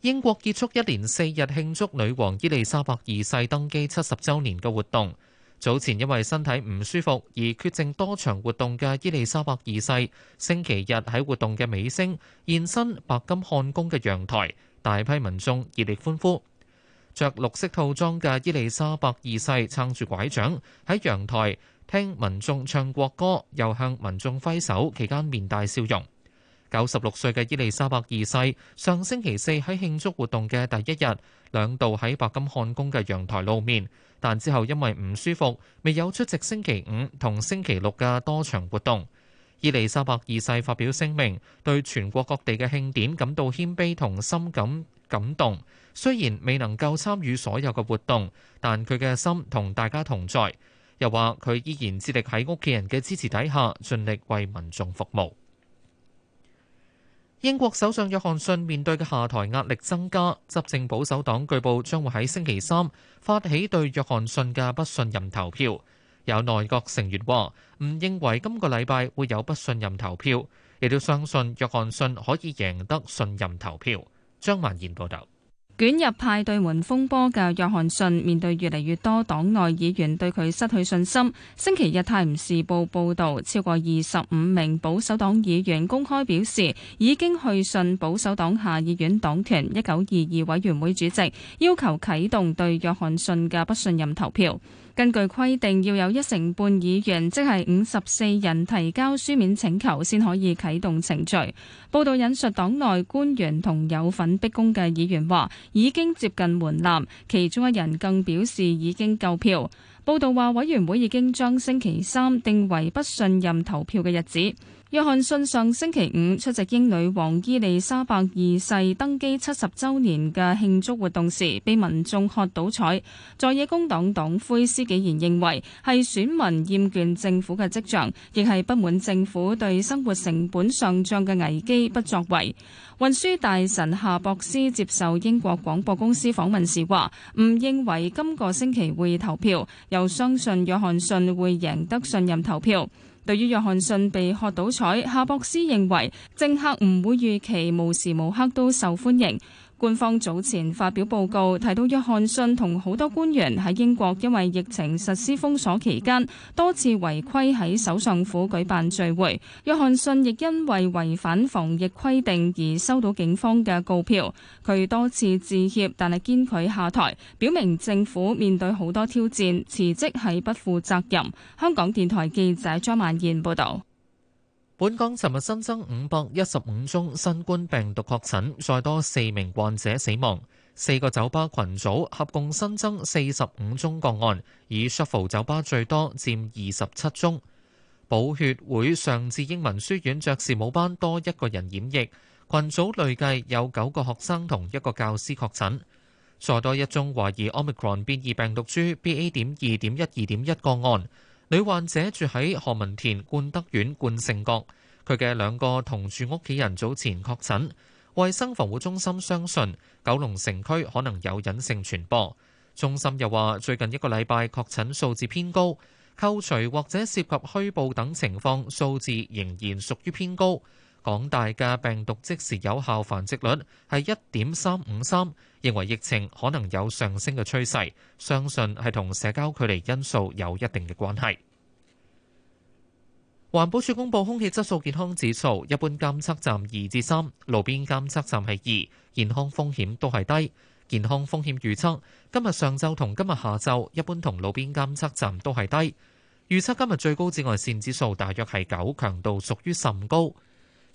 英國結束一連四日慶祝女王伊麗莎白二世登基七十週年嘅活動。早前因為身體唔舒服而缺席多場活動嘅伊麗莎白二世，星期日喺活動嘅尾聲現身白金漢宮嘅陽台，大批民眾熱烈歡呼。着綠色套裝嘅伊麗莎白二世撐住拐杖喺陽台聽民眾唱國歌，又向民眾揮手，期間面帶笑容。九十六歲嘅伊麗莎白二世上星期四喺慶祝活動嘅第一日兩度喺白金漢宮嘅陽台露面，但之後因為唔舒服，未有出席星期五同星期六嘅多場活動。伊麗莎白二世發表聲明，對全國各地嘅慶典感到謙卑同深感感動。雖然未能夠參與所有嘅活動，但佢嘅心同大家同在。又話佢依然致力喺屋企人嘅支持底下，盡力為民眾服務。英國首相約翰遜面對嘅下台壓力增加，執政保守黨據報將會喺星期三發起對約翰遜嘅不信任投票。有內閣成員話唔認為今個禮拜會有不信任投票，亦都相信約翰遜可以贏得信任投票。張萬賢報道。捲入派對門風波嘅約翰遜，面對越嚟越多黨外議員對佢失去信心。星期日《泰晤士報》報導，超過二十五名保守黨議員公開表示已經去信保守黨下議院黨團一九二二委員會主席，要求啟動對約翰遜嘅不信任投票。根據規定，要有一成半議員，即係五十四人提交書面請求，先可以啟動程序。報道引述黨內官員同有份逼宮嘅議員話，已經接近門檻，其中一人更表示已經夠票。報道話，委員會已經將星期三定為不信任投票嘅日子。約翰遜上星期五出席英女王伊利沙伯二世登基七十周年嘅慶祝活動時，被民眾喝倒彩。在野工黨黨魁施紀賢認為係選民厭倦政府嘅跡象，亦係不滿政府對生活成本上漲嘅危機不作為。運輸大臣夏博斯接受英國廣播公司訪問時話：唔認為今個星期會投票，又相信約翰遜會贏得信任投票。對於約翰遜被喝倒彩，夏博斯認為政客唔會預期無時無刻都受歡迎。官方早前發表報告，提到約翰遜同好多官員喺英國因為疫情實施封鎖期間多次違規喺首相府舉辦聚會。約翰遜亦因為違反防疫規定而收到警方嘅告票。佢多次致歉，但係堅拒下台，表明政府面對好多挑戰，辭職係不負責任。香港電台記者張曼燕報導。本港尋日新增五百一十五宗新冠病毒確診，再多四名患者死亡。四個酒吧群組合共新增四十五宗個案，以 Shuffle 酒吧最多，佔二十七宗。保血會上智英文書院爵士舞班多一個人染疫，群組累計有九個學生同一個教師確診，再多一宗懷疑 Omicron 變異病毒株 BA. 點二點一二點一個案。女患者住喺何文田冠德苑冠盛閣，佢嘅兩個同住屋企人早前確診。衛生防護中心相信九龍城區可能有隱性傳播。中心又話，最近一個禮拜確診數字偏高，扣除或者涉及虛報等情況，數字仍然屬於偏高。港大嘅病毒即時有效繁殖率係一點三五三，認為疫情可能有上升嘅趨勢，相信係同社交距離因素有一定嘅關係。環保署公布空氣質素健康指數，一般監測站二至三，路邊監測站係二，健康風險都係低。健康風險預測，今日上晝同今日下晝，一般同路邊監測站都係低。預測今日最高紫外線指數大約係九，強度屬於甚高。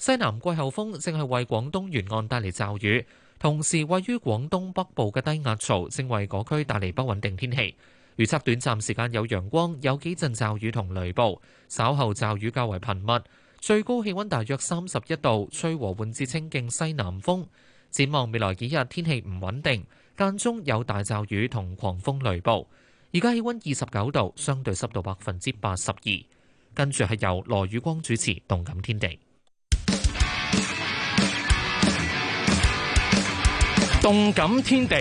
西南季候風正係為廣東沿岸帶嚟驟雨，同時位於廣東北部嘅低壓槽正為嗰區帶嚟不穩定天氣。預測短暫時間有陽光，有幾陣驟雨同雷暴，稍後驟雨較為頻密。最高氣溫大約三十一度，吹和緩至清勁西南風。展望未來幾日天氣唔穩定，間中有大驟雨同狂風雷暴。而家氣溫二十九度，相對濕度百分之八十二。跟住係由羅宇光主持《動感天地》。動感天地。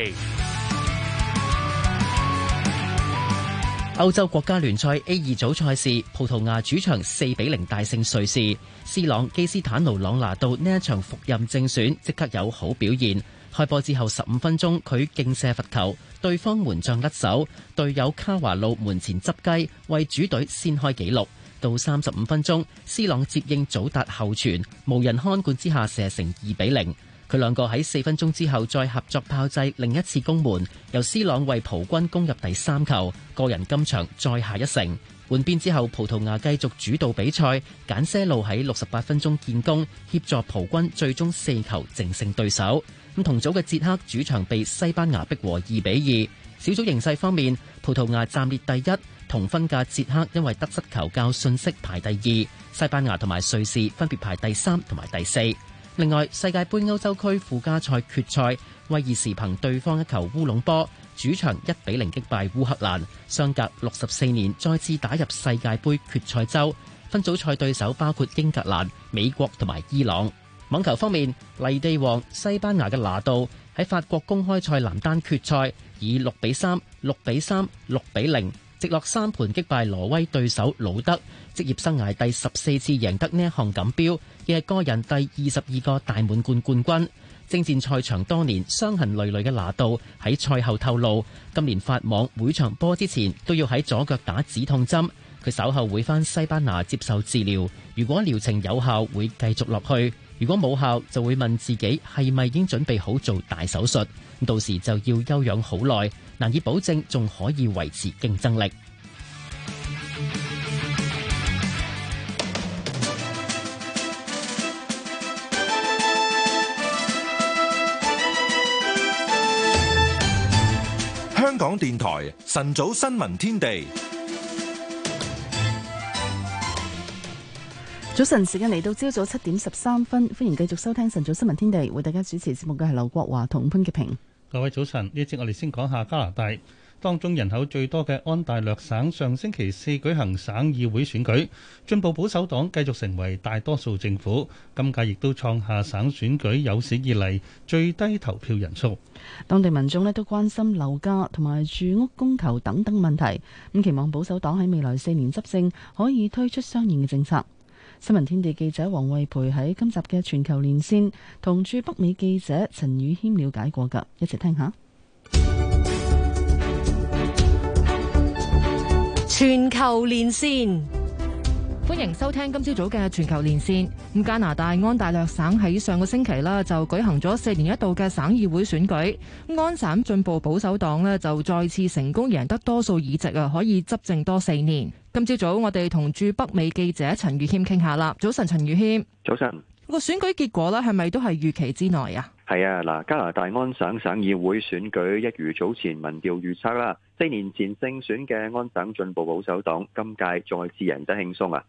歐洲國家聯賽 A 二組賽事，葡萄牙主場四比零大勝瑞士。斯朗基斯坦奴朗拿度呢一場復任正選，即刻有好表現。開波之後十五分鐘，佢勁射罰球，對方門將甩手，隊友卡華路門前執雞，為主隊先開紀錄。到三十五分鐘，斯朗接應祖達後傳，無人看管之下射成二比零。佢兩個喺四分鐘之後再合作炮製另一次攻門，由斯朗為葡軍攻入第三球，個人今場再下一城。換邊之後，葡萄牙繼續主導比賽，簡些路喺六十八分鐘建功，協助葡軍最終四球淨勝對手。咁同組嘅捷克主場被西班牙逼和二比二。小組形勢方面，葡萄牙暫列第一，同分嘅捷克因為得失球較遜色排第二，西班牙同埋瑞士分別排第三同埋第四。另外，世界杯歐洲區附加賽決賽，威爾士憑對方一球烏龍波，主場一比零擊敗烏克蘭，相隔六十四年再次打入世界杯決賽周。分組賽對手包括英格蘭、美國同埋伊朗。網球方面，泥地王西班牙嘅拿度喺法國公開賽男單決賽以六比三、六比三、六比零。直落三盤擊敗挪威對手魯德，職業生涯第十四次贏得呢一項錦標，亦係個人第二十二個大滿貫冠軍。征戰賽場多年，傷痕累累嘅拿度，喺賽後透露，今年法網每場波之前都要喺左腳打止痛針，佢稍後會翻西班牙接受治療，如果療程有效會繼續落去，如果冇效就會問自己係咪已經準備好做大手術，到時就要休養好耐。難以保證仲可以維持競爭力。香港電台晨早新聞天地，早晨時間嚟到朝早七點十三分，歡迎繼續收聽晨早新聞天地，為大家主持節目嘅係劉國華同潘潔平。各位早晨，呢一節我哋先講下加拿大當中人口最多嘅安大略省上星期四舉行省議會選舉，進步保守黨繼續成為大多數政府，今屆亦都創下省選舉有史以嚟最低投票人數。當地民眾咧都關心樓價同埋住屋供求等等問題，咁期望保守黨喺未來四年執政可以推出相應嘅政策。新聞天地記者王慧培喺今集嘅全球連線，同駐北美記者陳宇謙了解過㗎，一齊聽下。全球連線。歡迎收聽今朝早嘅全球連線。咁加拿大安大略省喺上個星期啦，就舉行咗四年一度嘅省議會選舉。安省進步保守黨呢就再次成功贏得多數議席啊，可以執政多四年。今朝早，我哋同駐北美記者陳宇謙傾下啦。早晨，陳宇謙。早晨。個選舉結果咧，係咪都係預期之內啊？係啊，嗱，加拿大安省省議會選舉一如早前民調預測啦。四年前勝選嘅安省進步保守黨，今屆再次贏得輕鬆啊。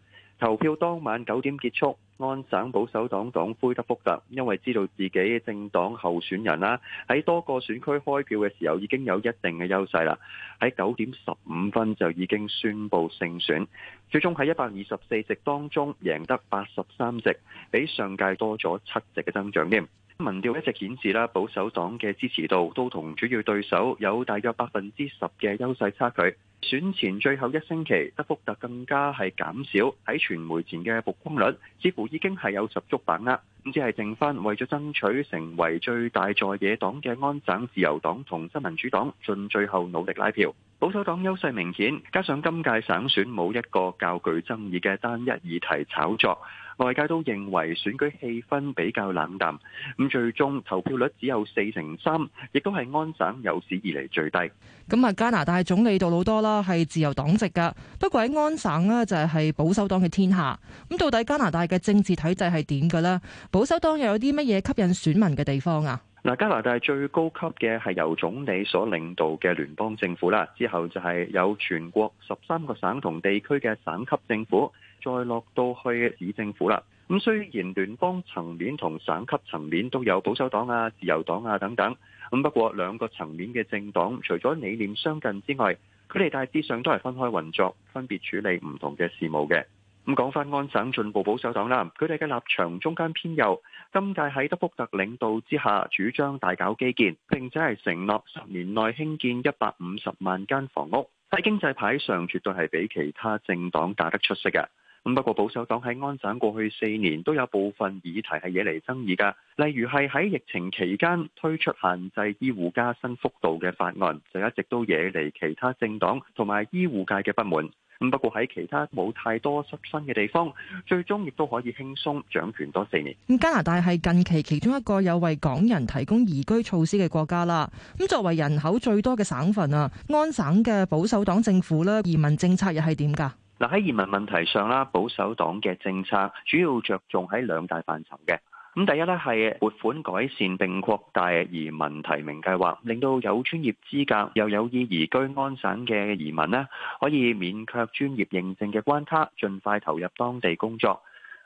投票當晚九點結束，安省保守黨黨魁得福特因為知道自己政黨候選人啦，喺多個選區開票嘅時候已經有一定嘅優勢啦。喺九點十五分就已經宣佈勝選，最終喺一百二十四席當中贏得八十三席，比上屆多咗七席嘅增長添。民調一直顯示啦，保守黨嘅支持度都同主要對手有大約百分之十嘅優勢差距。選前最後一星期，德福特更加係減少喺傳媒前嘅曝光率，似乎已經係有十足把握。只係剩翻為咗爭取成為最大在野黨嘅安省自由黨同新民主黨，盡最後努力拉票。保守黨優勢明顯，加上今屆省選冇一個較具爭議嘅單一議題炒作。外界都認為選舉氣氛比較冷淡，咁最終投票率只有四成三，亦都係安省有史以嚟最低。咁啊，加拿大總理杜魯多啦，係自由黨籍噶，不過喺安省呢，就係保守黨嘅天下。咁到底加拿大嘅政治體制係點噶呢？保守黨又有啲乜嘢吸引選民嘅地方啊？嗱，加拿大最高級嘅係由總理所領導嘅聯邦政府啦，之後就係有全國十三個省同地區嘅省級政府，再落到去市政府啦。咁雖然聯邦層面同省級層面都有保守黨啊、自由黨啊等等，咁不過兩個層面嘅政黨，除咗理念相近之外，佢哋大致上都係分開運作，分別處理唔同嘅事務嘅。咁講返安省進步保守黨啦，佢哋嘅立場中間偏右。今屆喺德福特領導之下，主張大搞基建，並且係承諾十年內興建一百五十萬間房屋。喺經濟牌上，絕對係比其他政黨打得出色嘅。咁不過保守黨喺安省過去四年都有部分議題係惹嚟爭議㗎，例如係喺疫情期間推出限制醫護加薪幅度嘅法案，就一直都惹嚟其他政黨同埋醫護界嘅不滿。不過喺其他冇太多失身嘅地方，最終亦都可以輕鬆掌權多四年。加拿大係近期其中一個有為港人提供移居措施嘅國家啦。咁作為人口最多嘅省份啊，安省嘅保守黨政府咧，移民政策又係點㗎？嗱喺移民問題上啦，保守黨嘅政策主要着重喺兩大範疇嘅。咁第一咧係撥款改善並擴大移民提名計劃，令到有專業資格又有意移居安省嘅移民呢，可以免卻專業認證嘅關卡，盡快投入當地工作。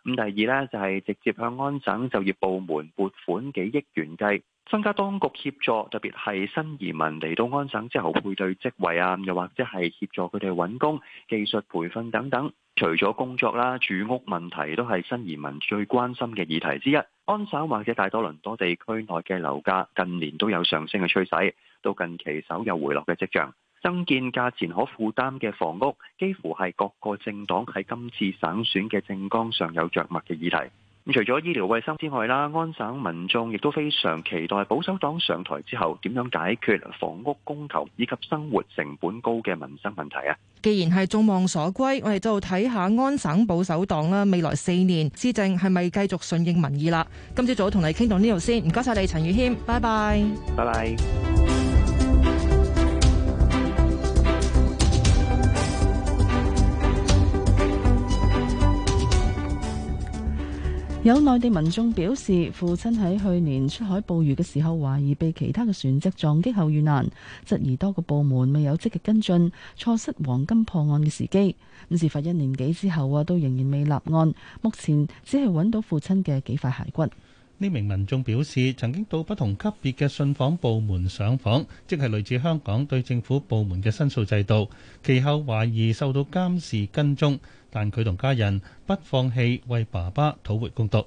咁第二呢，就係直接向安省就業部門撥款幾億元計，增加當局協助，特別係新移民嚟到安省之後配對職位啊，又或者係協助佢哋揾工、技術培訓等等。除咗工作啦，住屋問題都係新移民最關心嘅議題之一。安省或者大多倫多地區內嘅樓價近年都有上升嘅趨勢，到近期稍有回落嘅跡象。增建價錢可負擔嘅房屋，幾乎係各個政黨喺今次省選嘅政綱上有着墨嘅議題。咁除咗醫療衞生之外啦，安省民眾亦都非常期待保守黨上台之後點樣解決房屋供求以及生活成本高嘅民生問題啊！既然係眾望所歸，我哋就睇下安省保守黨啦，未來四年施政係咪繼續順應民意啦？今朝早同你傾到呢度先，唔該晒你，陳宇軒，拜拜，拜拜。有內地民眾表示，父親喺去年出海捕魚嘅時候，懷疑被其他嘅船隻撞擊後遇難，質疑多個部門未有積極跟進，錯失黃金破案嘅時機。咁事發一年幾之後啊，都仍然未立案，目前只係揾到父親嘅幾塊骸骨。呢名民眾表示，曾經到不同級別嘅信訪部門上訪，即係類似香港對政府部門嘅申訴制度。其後懷疑受到監視跟蹤。但佢同家人不放棄，為爸爸討回公道。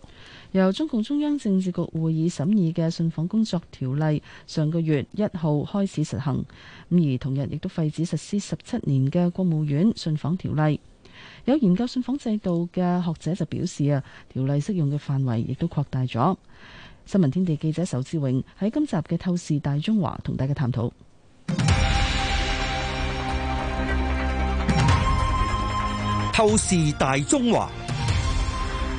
由中共中央政治局會議審議嘅信訪工作條例，上個月一號開始實行，咁而同日亦都廢止實施十七年嘅國務院信訪條例。有研究信訪制度嘅學者就表示啊，條例適用嘅範圍亦都擴大咗。新聞天地記者仇志榮喺今集嘅《透視大中華》同大家探討。透視大中華，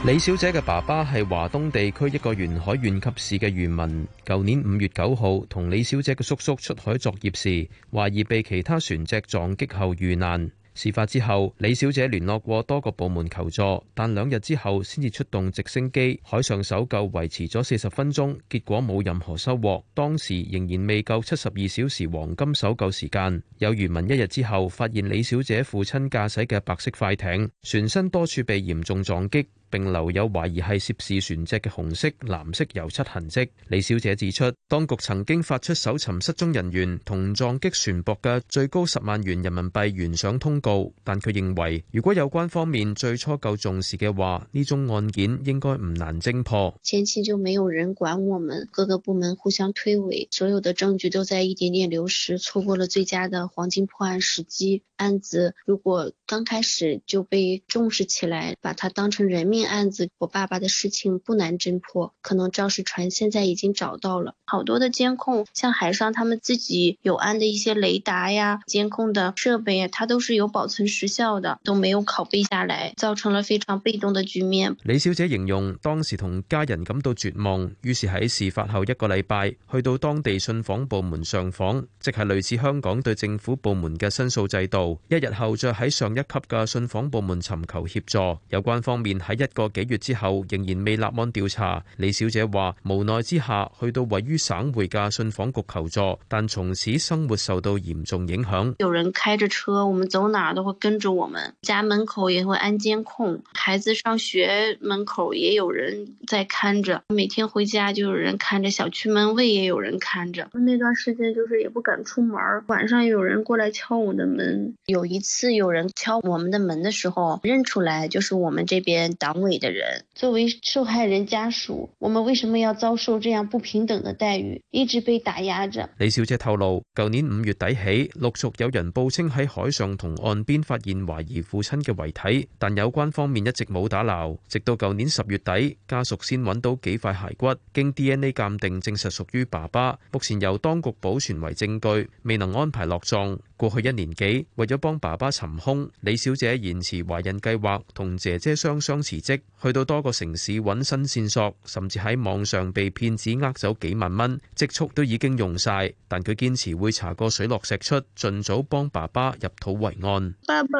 李小姐嘅爸爸係華東地區一個沿海縣級市嘅漁民。舊年五月九號，同李小姐嘅叔叔出海作業時，懷疑被其他船隻撞擊後遇難。事發之後，李小姐聯絡過多個部門求助，但兩日之後先至出動直升機海上搜救，維持咗四十分鐘，結果冇任何收穫。當時仍然未夠七十二小時黃金搜救時間。有漁民一日之後發現李小姐父親駕駛嘅白色快艇，船身多處被嚴重撞擊。並留有懷疑係涉事船隻嘅紅色、藍色油漆痕跡。李小姐指出，當局曾經發出搜尋失蹤人員同撞擊船舶嘅最高十萬元人民幣懸賞通告，但佢認為，如果有關方面最初夠重視嘅話，呢宗案件應該唔難偵破。前期就沒有人管我們，各個部門互相推諉，所有的證據都在一點點流失，錯過了最佳的黃金破案時機。案子如果剛開始就被重視起來，把它當成人命。案子我爸爸的事情不難偵破，可能肇事船現在已經找到了好多的監控，像海上他們自己有安的一些雷達呀、監控的設備啊，它都是有保存時效的，都沒有拷貝下來，造成了非常被動的局面。李小姐形容當時同家人感到絕望，於是喺事發後一個禮拜去到當地信訪部門上訪，即係類似香港對政府部門嘅申訴制度。一日後再喺上一級嘅信訪部門尋求協助，有關方面喺一。個幾月之後仍然未立案調查，李小姐話無奈之下，去到位於省會嘅信訪局求助，但從此生活受到嚴重影響。有人開着車，我們走哪都會跟着我們。家門口也會安監控，孩子上學門口也有人在看着。每天回家就有人看着，小區門衛也有人看着。那段時間就是也不敢出門，晚上有人過來敲我的門。有一次有人敲我們的門的時候，認出來就是我們這邊位的人，作為受害人家屬，我們為什麼要遭受這樣不平等的待遇？一直被打壓着。李小姐透露，舊年五月底起，陸續有人報稱喺海上同岸邊發現懷疑父親嘅遺體，但有關方面一直冇打撈。直到舊年十月底，家屬先揾到幾塊骸骨，經 DNA 鑑定證實屬於爸爸。目前由當局保存為證據，未能安排落葬。過去一年幾，為咗幫爸爸尋兇，李小姐延遲懷孕計劃，同姐姐雙雙辭職，去到多個城市揾新線索，甚至喺網上被騙子呃走幾萬蚊，積蓄都已經用晒，但佢堅持會查個水落石出，盡早幫爸爸入土為安。爸爸。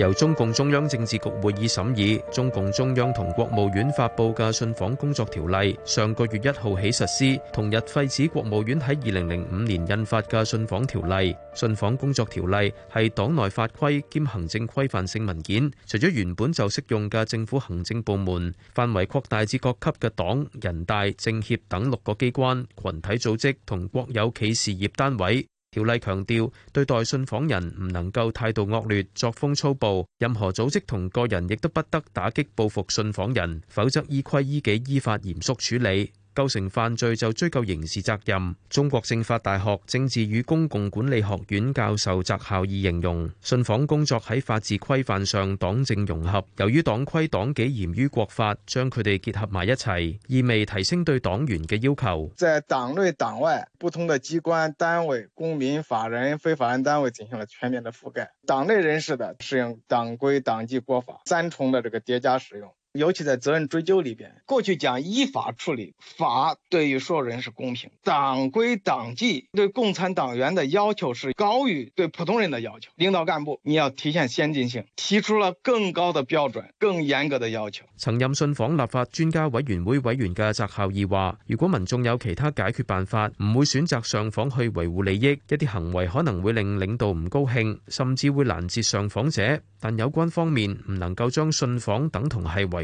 由中共中央政治局會議審議，中共中央同國務院發佈嘅信訪工作條例，上個月一號起實施，同日廢止國務院喺二零零五年印發嘅信訪條例。信訪工作條例係黨內法規兼行政規範性文件，除咗原本就適用嘅政府行政部門，範圍擴大至各級嘅黨、人大、政協等六個機關、群體組織同國有企事業單位。條例強調，對待信訪人唔能夠態度惡劣、作風粗暴，任何組織同個人亦都不得打擊報復信訪人，否則依規依紀依法嚴肅處理。構成犯罪就追究刑事責任。中國政法大學政治與公共管理學院教授翟效義形容，信訪工作喺法治規範上黨政融合，由於黨規黨紀嚴於國法，將佢哋結合埋一齊，意味提升對黨員嘅要求。在黨內黨外不同的機關單位、公民、法人、非法人單位進行了全面的覆蓋，黨內人士的適用黨規黨紀國法三重的這個疊加使用。尤其在責任追究裏邊，過去講依法處理，法對於所有人是公平。黨規黨紀對共產黨員的要求是高於對普通人的要求。領導幹部你要體現先進性，提出了更高的標準，更嚴格的要求。曾任信訪立法專家委員會委員嘅翟孝義話，如果民眾有其他解決辦法，唔會選擇上訪去維護利益，一啲行為可能會令領導唔高興，甚至會攔截上訪者。但有關方面唔能夠將信訪等同係違。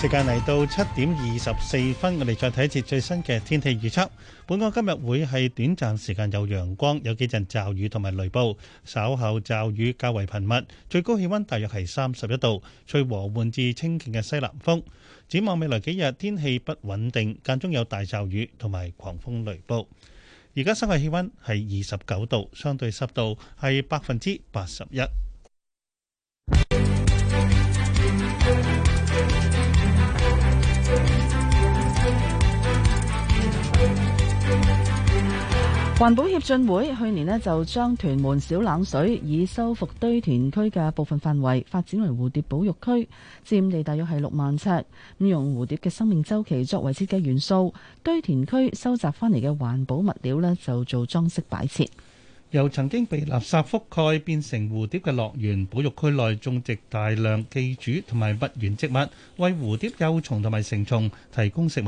時間嚟到七點二十四分，我哋再睇一次最新嘅天氣預測。本港今日會係短暫時間有陽光，有幾陣驟雨同埋雷暴，稍後驟雨較為頻密。最高氣溫大約係三十一度，吹和緩至清勁嘅西南風。展望未來幾日天氣不穩定，間中有大驟雨同埋狂風雷暴。而家室外氣温係二十九度，相對濕度係百分之八十一。環保協進會去年咧就將屯門小冷水已修复堆填區嘅部分範圍發展為蝴蝶保育區，占地大約係六萬尺。咁用蝴蝶嘅生命周期作為設計元素，堆填區收集翻嚟嘅環保物料咧就做裝飾擺設。由曾經被垃圾覆蓋變成蝴蝶嘅樂園，保育區內種植大量寄主同埋蜜源植物，為蝴蝶幼蟲同埋成蟲提供食物。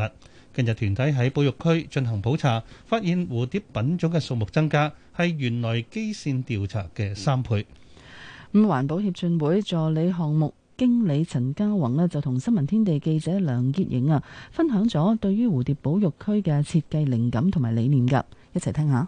近日團體喺保育區進行普查，發現蝴蝶品種嘅數目增加，係原來基線調查嘅三倍。咁環保協進會助理項目經理陳家宏咧就同新聞天地記者梁潔瑩啊分享咗對於蝴蝶保育區嘅設計靈感同埋理念噶，一齊聽下。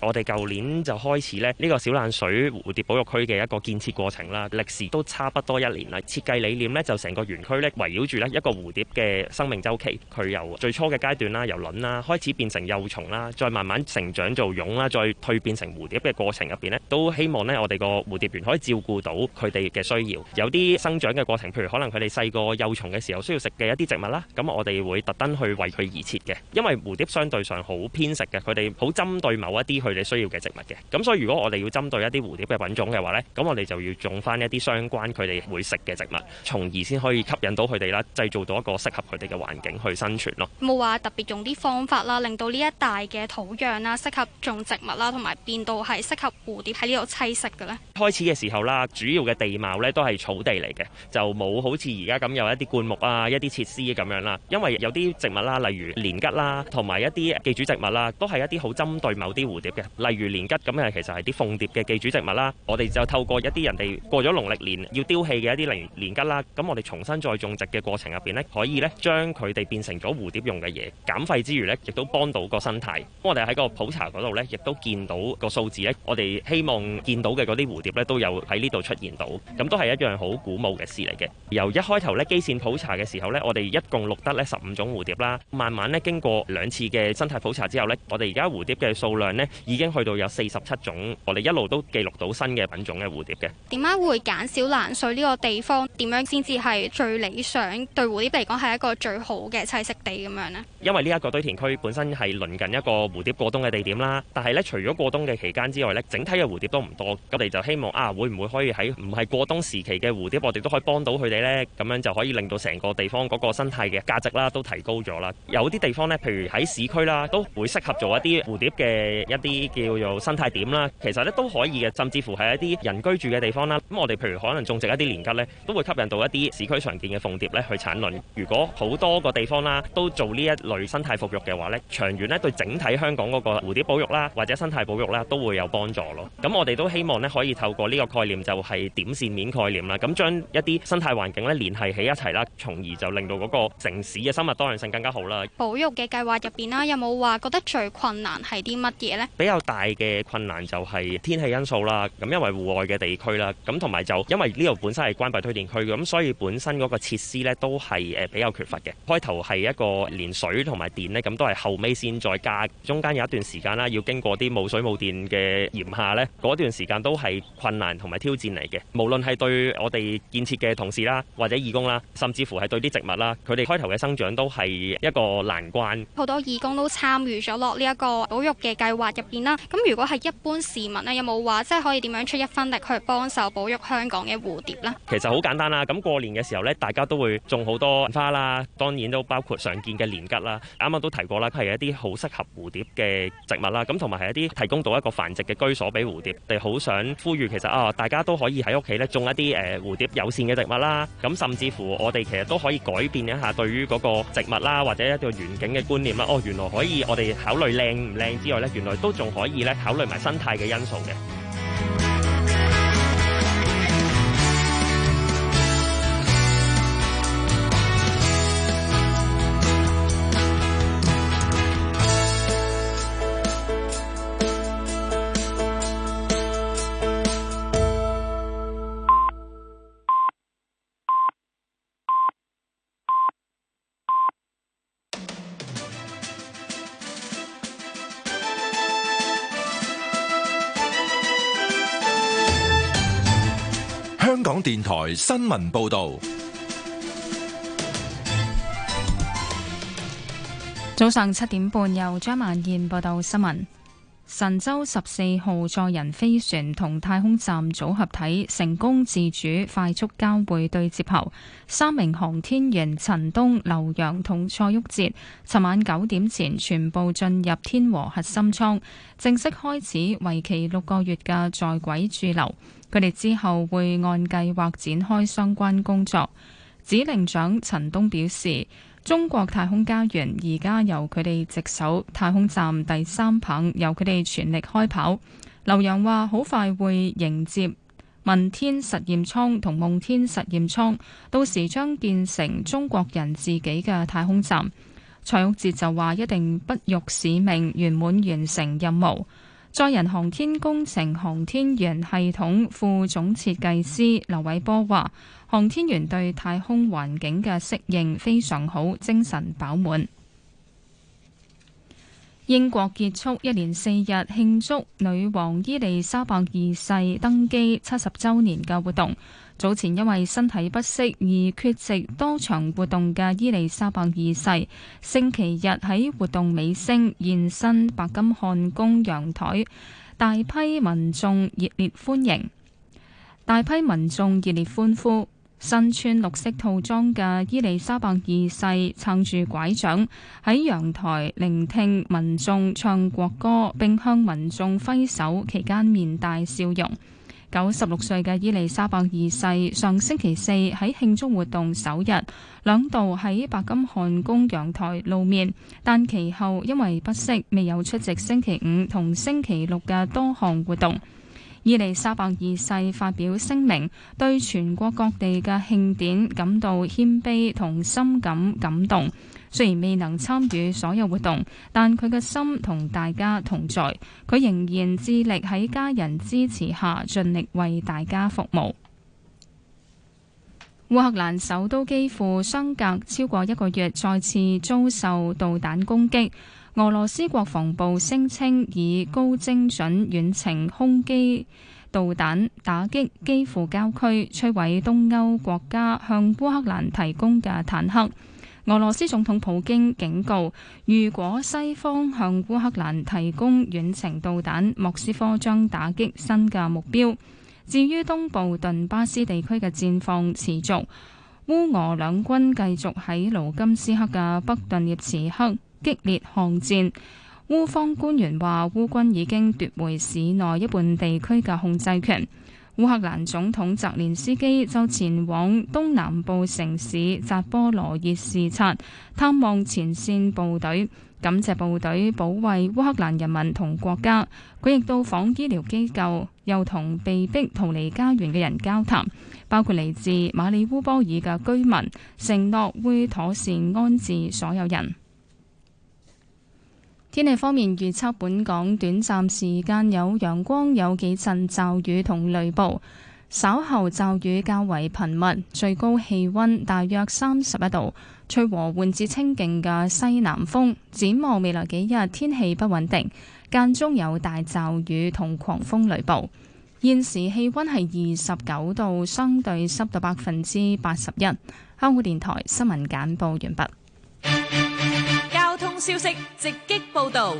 我哋舊年就開始咧，呢、這個小冷水蝴蝶保育區嘅一個建設過程啦，歷時都差不多一年啦。設計理念咧，就成個園區咧圍繞住咧一個蝴蝶嘅生命周期，佢由最初嘅階段啦，由卵啦開始變成幼蟲啦，再慢慢成長做蛹啦，再蛻變成蝴蝶嘅過程入邊咧，都希望咧我哋個蝴蝶園可以照顧到佢哋嘅需要。有啲生長嘅過程，譬如可能佢哋細個幼蟲嘅時候需要食嘅一啲植物啦，咁我哋會特登去為佢而設嘅，因為蝴蝶相對上好偏食嘅，佢哋好針對某一啲。佢哋需要嘅植物嘅，咁所以如果我哋要針對一啲蝴蝶嘅品種嘅話咧，咁我哋就要種翻一啲相關佢哋會食嘅植物，從而先可以吸引到佢哋啦，製造到一個適合佢哋嘅環境去生存咯。冇話特別用啲方法啦，令到呢一帶嘅土壤啦，適合種植物啦，同埋變到係適合蝴蝶喺呢度棲息嘅咧。開始嘅時候啦，主要嘅地貌咧都係草地嚟嘅，就冇好似而家咁有一啲灌木啊、一啲設施咁樣啦。因為有啲植物啦，例如蓮吉啦，同埋一啲寄主植物啦，都係一啲好針對某啲蝴蝶。例如年桔，咁啊，其實係啲鳳蝶嘅寄主植物啦。我哋就透過一啲人哋過咗農曆年要丟棄嘅一啲年桔啦，咁我哋重新再種植嘅過程入邊呢，可以呢將佢哋變成咗蝴蝶用嘅嘢，減廢之餘呢，亦都幫到個生態。我哋喺個普查嗰度呢，亦都見到個數字，呢我哋希望見到嘅嗰啲蝴蝶呢，都有喺呢度出現到，咁都係一樣好鼓舞嘅事嚟嘅。由一開頭呢，基線普查嘅時候呢，我哋一共錄得呢十五種蝴蝶啦。慢慢呢，經過兩次嘅生態普查之後呢，我哋而家蝴蝶嘅數量呢，已經去到有四十七種，我哋一路都記錄到新嘅品種嘅蝴蝶嘅。點解會減少濫水呢個地方？點樣先至係最理想對蝴蝶嚟講係一個最好嘅棲息地咁樣呢？因為呢一個堆填區本身係鄰近一個蝴蝶過冬嘅地點啦。但係咧，除咗過冬嘅期間之外咧，整體嘅蝴蝶都唔多。我哋就希望啊，會唔會可以喺唔係過冬時期嘅蝴蝶，我哋都可以幫到佢哋呢？咁樣就可以令到成個地方嗰個生態嘅價值啦都提高咗啦。有啲地方咧，譬如喺市區啦，都會適合做一啲蝴蝶嘅一啲。啲叫做生態點啦，其實咧都可以嘅，甚至乎係一啲人居住嘅地方啦。咁我哋譬如可能種植一啲年桔咧，都會吸引到一啲市區常見嘅鳳蝶咧去產卵。如果好多個地方啦都做呢一類生態復育嘅話咧，長遠咧對整體香港嗰個蝴蝶保育啦，或者生態保育啦都會有幫助咯。咁我哋都希望咧可以透過呢個概念就係點線面概念啦，咁將一啲生態環境咧連繫起一齊啦，從而就令到嗰個城市嘅生物多樣性更加好啦。保育嘅計劃入邊啦，有冇話覺得最困難係啲乜嘢呢？比較大嘅困難就係天氣因素啦，咁因為戶外嘅地區啦，咁同埋就因為呢度本身係關閉堆填區，咁所以本身嗰個設施呢都係誒比較缺乏嘅。開頭係一個連水同埋電呢，咁都係後尾先再加，中間有一段時間啦，要經過啲冇水冇電嘅炎夏呢，嗰段時間都係困難同埋挑戰嚟嘅。無論係對我哋建設嘅同事啦，或者義工啦，甚至乎係對啲植物啦，佢哋開頭嘅生長都係一個難關。好多義工都參與咗落呢一個保育嘅計劃入邊。咁如果係一般市民咧，有冇話即係可以點樣出一分力去幫手保育香港嘅蝴蝶呢？其實好簡單啦，咁過年嘅時候咧，大家都會種好多花啦，當然都包括常見嘅年桔啦。啱啱都提過啦，佢係一啲好適合蝴蝶嘅植物啦。咁同埋係一啲提供到一個繁殖嘅居所俾蝴蝶。我哋好想呼籲，其實啊、哦，大家都可以喺屋企咧種一啲誒、呃、蝴蝶友善嘅植物啦。咁甚至乎我哋其實都可以改變一下對於嗰個植物啦，或者一個園景嘅觀念啦。哦，原來可以我哋考慮靚唔靚之外咧，原來都仲可以咧考慮埋生態嘅因素嘅。台新聞報導，早上七點半由張萬燕報道新聞。神舟十四號載人飛船同太空站組合體成功自主快速交會對接後，三名航天員陳冬、劉洋同蔡旭哲，尋晚九點前全部進入天和核心艙，正式開始為期六個月嘅在軌駐留。佢哋之後會按計劃展開相關工作。指令長陳冬表示，中國太空家園而家由佢哋接手太空站第三棒，由佢哋全力開跑。劉洋話，好快會迎接問天實驗艙同夢天實驗艙，到時將建成中國人自己嘅太空站。蔡旭哲就話，一定不辱使命，圓滿完成任務。載人航天工程航天員系統副總設計師劉偉波話：航天員對太空環境嘅適應非常好，精神飽滿。英國結束一連四日慶祝女王伊麗莎白二世登基七十周年嘅活動。早前因為身體不適而缺席多場活動嘅伊利莎白二世，星期日喺活動尾聲現身白金漢宮陽台，大批民眾熱烈歡迎，大批民眾熱烈歡呼。身穿綠色套裝嘅伊利莎白二世撐住拐杖喺陽台聆聽民眾唱國歌，並向民眾揮手，期間面帶笑容。九十六歲嘅伊利沙伯二世上星期四喺慶祝活動首日兩度喺白金漢宮陽台露面，但其後因為不適未有出席星期五同星期六嘅多項活動。伊利沙伯二世發表聲明，對全國各地嘅慶典感到謙卑同深感感動。雖然未能參與所有活動，但佢嘅心同大家同在。佢仍然致力喺家人支持下，盡力為大家服務。烏克蘭首都基輔相隔超過一個月，再次遭受導彈攻擊。俄羅斯國防部聲稱，以高精準遠程空基導彈打擊基輔郊區，摧毀東歐國家向烏克蘭提供嘅坦克。俄羅斯總統普京警告，如果西方向烏克蘭提供遠程導彈，莫斯科將打擊新嘅目標。至於東部頓巴斯地區嘅戰況持續，烏俄兩軍繼續喺盧甘斯克嘅北頓涅茨克激烈巷戰。烏方官員話，烏軍已經奪回市內一半地區嘅控制權。烏克蘭總統澤連斯基就前往東南部城市扎波羅熱視察，探望前線部隊，感謝部隊保衛烏克蘭人民同國家。佢亦到訪醫療機構，又同被逼逃離家園嘅人交談，包括嚟自馬里烏波爾嘅居民，承諾會妥善安置所有人。天氣方面預測，預測本港短暫時間有陽光，有幾陣驟雨同雷暴，稍後驟雨較為頻密，最高氣溫大約三十一度，吹和緩至清勁嘅西南風。展望未來幾日天氣不穩定，間中有大驟雨同狂風雷暴。現時氣溫係二十九度，相對濕度百分之八十一。香港電台新聞簡報完畢。消息直擊報道。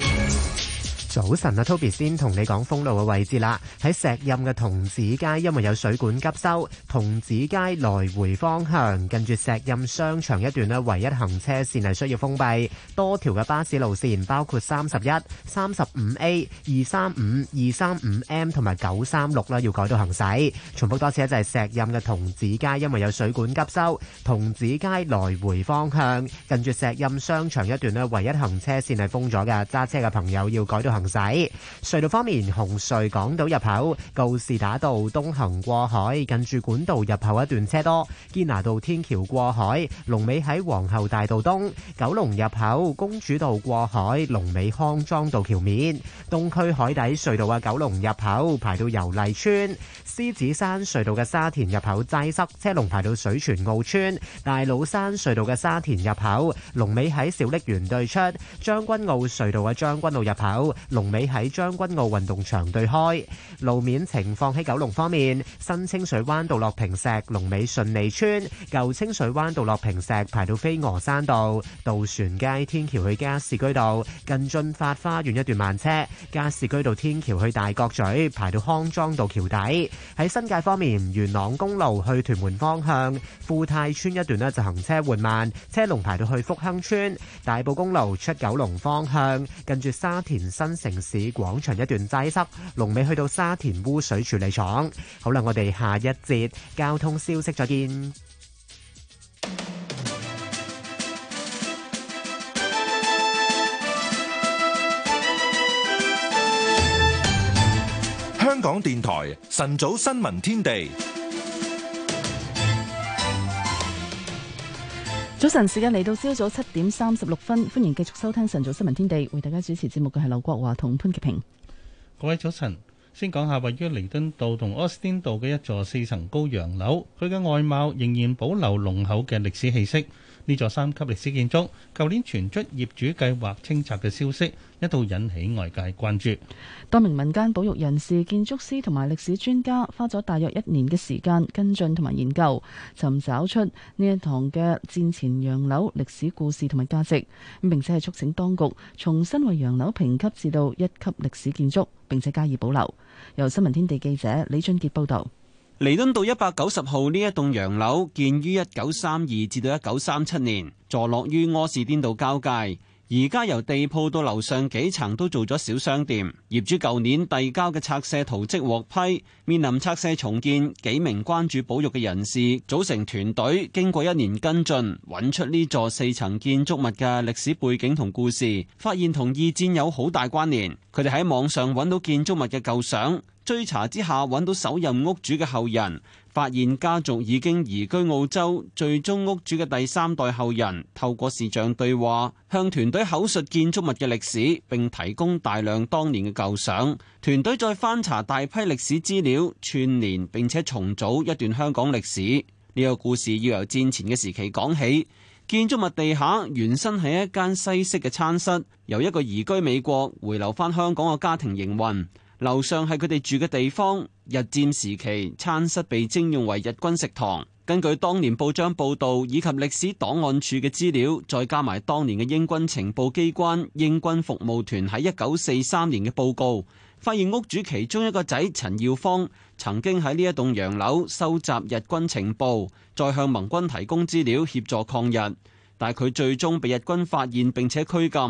早晨啊，Toby 先同你講封路嘅位置啦。喺石蔭嘅童子街，因為有水管急修，童子街來回方向，近住石蔭商場一段咧，唯一行車線係需要封閉。多條嘅巴士路線，包括三十一、三十五 A、二三五、二三五 M 同埋九三六啦，要改道行駛。重複多次咧，就係石蔭嘅童子街，因為有水管急修，童子街來回方向，近住石蔭商場一段咧，唯一行車線係封咗嘅。揸車嘅朋友要改道行。行駛隧道方面，紅隧港島入口告士打道東行過海，近住管道入口一段車多；堅拿道天橋過海，龍尾喺皇后大道東；九龍入口公主道過海，龍尾康莊道橋面；東區海底隧道嘅九龍入口排到油麗村；獅子山隧道嘅沙田入口擠塞，車龍排到水泉澳村；大老山隧道嘅沙田入口，龍尾喺小瀝源對出；將軍澳隧道嘅將軍澳入口。龍尾喺將軍澳運動場對開，路面情況喺九龍方面，新清水灣道落坪石，龍尾順利村；舊清水灣道落坪石，排到飛鵝山道；渡船街天橋去加士居道，近駿發花園一段慢車；加士居道天橋去大角咀，排到康莊道橋底。喺新界方面，元朗公路去屯門方向，富泰村一段呢就行車緩慢，車龍排到去福亨村；大埔公路出九龍方向，近住沙田新城市廣場一段擠塞，龍尾去到沙田污水處理廠。好啦，我哋下一節交通消息再見。香港電台晨早新聞天地。早晨，時間嚟到朝早七點三十六分，歡迎繼續收聽晨早新聞天地，為大家主持節目嘅係劉國華同潘潔平。各位早晨，先講下位於彌敦道同柯士甸道嘅一座四層高洋樓，佢嘅外貌仍然保留濃厚嘅歷史氣息。呢座三級歷史建築，舊年傳出業主計劃清拆嘅消息，一度引起外界關注。多名民間保育人士、建築師同埋歷史專家花咗大約一年嘅時間跟進同埋研究，尋找出呢一堂嘅戰前洋樓歷史故事同埋價值，並且係促請當局重新為洋樓評級至到一級歷史建築，並且加以保留。由新聞天地記者李俊傑報導。彌敦道一百九十號，呢一棟洋樓建於一九三二至到一九三七年，座落於柯士甸道交界。而家由地鋪到樓上幾層都做咗小商店。業主舊年遞交嘅拆卸圖則獲批，面臨拆卸重建。幾名關注保育嘅人士組成團隊，經過一年跟進，揾出呢座四層建築物嘅歷史背景同故事，發現同二戰有好大關聯。佢哋喺網上揾到建築物嘅舊相。追查之下，揾到首任屋主嘅後人，發現家族已經移居澳洲。最終屋主嘅第三代後人透過視像對話，向團隊口述建築物嘅歷史，並提供大量當年嘅舊相。團隊再翻查大批歷史資料，串聯並且重組一段香港歷史。呢個故事要由戰前嘅時期講起。建築物地下原身係一間西式嘅餐室，由一個移居美國回流翻香港嘅家庭營運。樓上係佢哋住嘅地方。日戰時期，餐室被徵用為日軍食堂。根據當年報章報道以及歷史檔案處嘅資料，再加埋當年嘅英軍情報機關英軍服務團喺一九四三年嘅報告，發現屋主其中一個仔陳耀芳曾經喺呢一棟洋樓收集日軍情報，再向盟軍提供資料協助抗日。但佢最終被日軍發現，並且拘禁，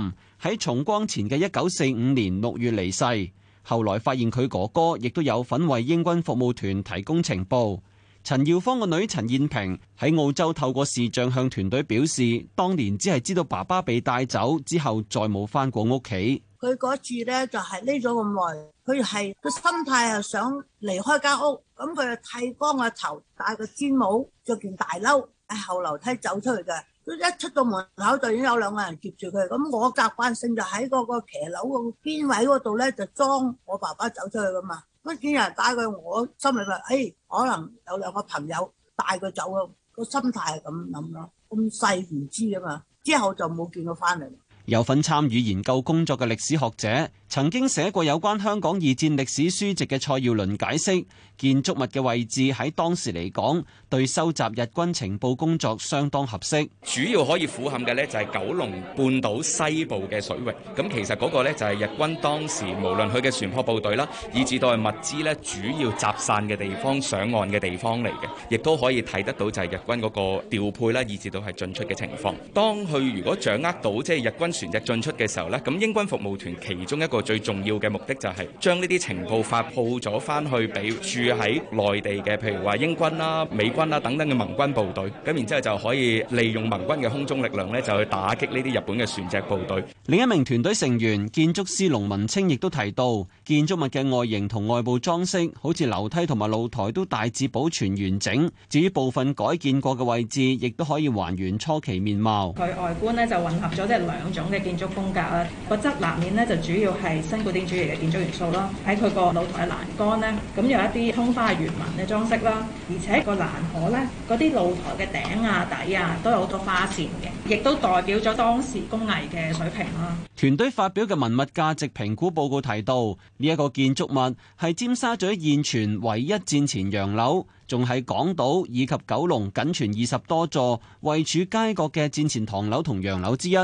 喺重光前嘅一九四五年六月離世。後來發現佢哥哥亦都有份為英軍服務團提供情報。陳耀芳個女陳燕平喺澳洲透過視像向團隊表示，當年只係知道爸爸被帶走之後再，再冇返過屋企。佢嗰次呢，就係匿咗咁耐，佢係個心態係想離開間屋，咁佢就剃光個頭，戴個尖帽，着件大褸喺後樓梯走出去嘅。一出到門口就已經有兩個人接住佢，咁我習慣性就喺嗰個騎樓個邊位嗰度咧就裝我爸爸走出去噶嘛，畢竟有人帶佢，我心裏話，誒，可能有兩個朋友帶佢走噶，個心態係咁諗咯，咁細唔知㗎嘛，之後就冇見佢翻嚟。有份參與研究工作嘅歷史學者。曾經寫過有關香港二戰歷史書籍嘅蔡耀倫解釋，建築物嘅位置喺當時嚟講，對收集日軍情報工作相當合適。主要可以俯瞰嘅呢就係九龍半島西部嘅水域。咁其實嗰個呢就係日軍當時無論佢嘅船舶部隊啦，以至到係物資呢主要集散嘅地方、上岸嘅地方嚟嘅，亦都可以睇得到就係日軍嗰個調配啦，以至到係進出嘅情況。當佢如果掌握到即係日軍船隻進出嘅時候呢，咁英軍服務團其中一個。最重要嘅目的就係將呢啲情報發佈咗翻去俾駐喺內地嘅，譬如話英軍啦、美軍啦等等嘅盟軍部隊，咁然之後就可以利用盟軍嘅空中力量呢，就去打擊呢啲日本嘅船隻部隊。另一名團隊成員建築師龍文清亦都提到，建築物嘅外形同外部裝飾，好似樓梯同埋露台都大致保存完整。至於部分改建過嘅位置，亦都可以還原初期面貌。佢外觀呢就混合咗即係兩種嘅建築風格啦，個側立面呢就主要係。係新古典主義嘅建築元素啦，喺佢個露台嘅欄杆呢，咁有一啲通花、圓紋嘅裝飾啦，而且個欄河呢，嗰啲露台嘅頂啊、底啊，都有好多花線嘅，亦都代表咗當時工藝嘅水平啦。團隊發表嘅文物價值評估報告提到，呢、這、一個建築物係尖沙咀現存唯一戰前洋樓，仲係港島以及九龍僅存二十多座位處街角嘅戰前唐樓同洋樓之一，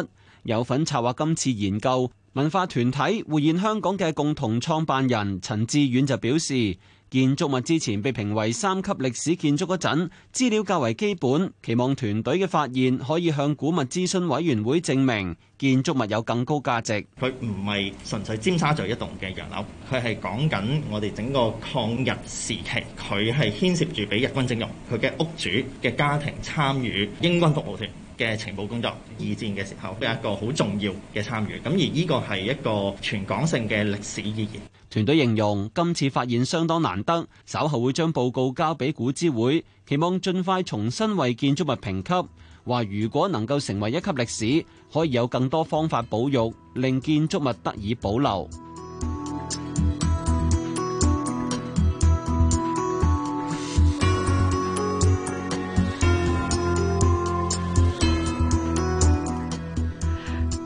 有份策劃今次研究。文化團體活現香港嘅共同創辦人陳志遠就表示，建築物之前被評為三級歷史建築嗰陣，資料較為基本，期望團隊嘅發現可以向古物諮詢委員會證明建築物有更高價值。佢唔係純粹尖沙咀一棟嘅洋樓，佢係講緊我哋整個抗日時期，佢係牽涉住俾日軍徵用，佢嘅屋主嘅家庭參與英軍服務團。嘅情報工作，二戰嘅時候都有一個好重要嘅參與，咁而呢個係一個全港性嘅歷史意義。團隊形容今次發現相當難得，稍後會將報告交俾古諮會，期望盡快重新為建築物評級。話如果能夠成為一級歷史，可以有更多方法保育，令建築物得以保留。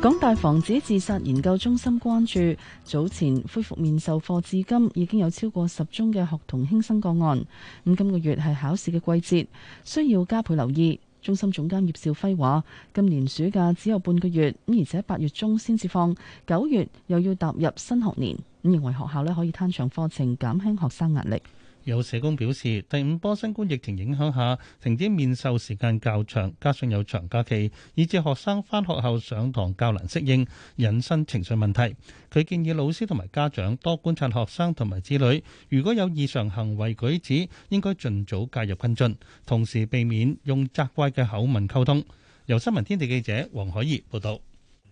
港大防止自殺研究中心關注，早前恢復面授課至今已經有超過十宗嘅學童輕生個案。咁今個月係考試嘅季節，需要加倍留意。中心總監葉兆輝話：今年暑假只有半個月，咁而且八月中先至放，九月又要踏入新學年，咁認為學校呢可以攤長課程，減輕學生壓力。有社工表示，第五波新冠疫情影響下，停止面授時間較長，加上有長假期，以致學生翻學後上堂較難適應，引申情緒問題，佢建議老師同埋家長多觀察學生同埋子女，如果有異常行為舉止，應該盡早介入跟進，同時避免用責怪嘅口吻溝通。由新聞天地記者黃海怡報道。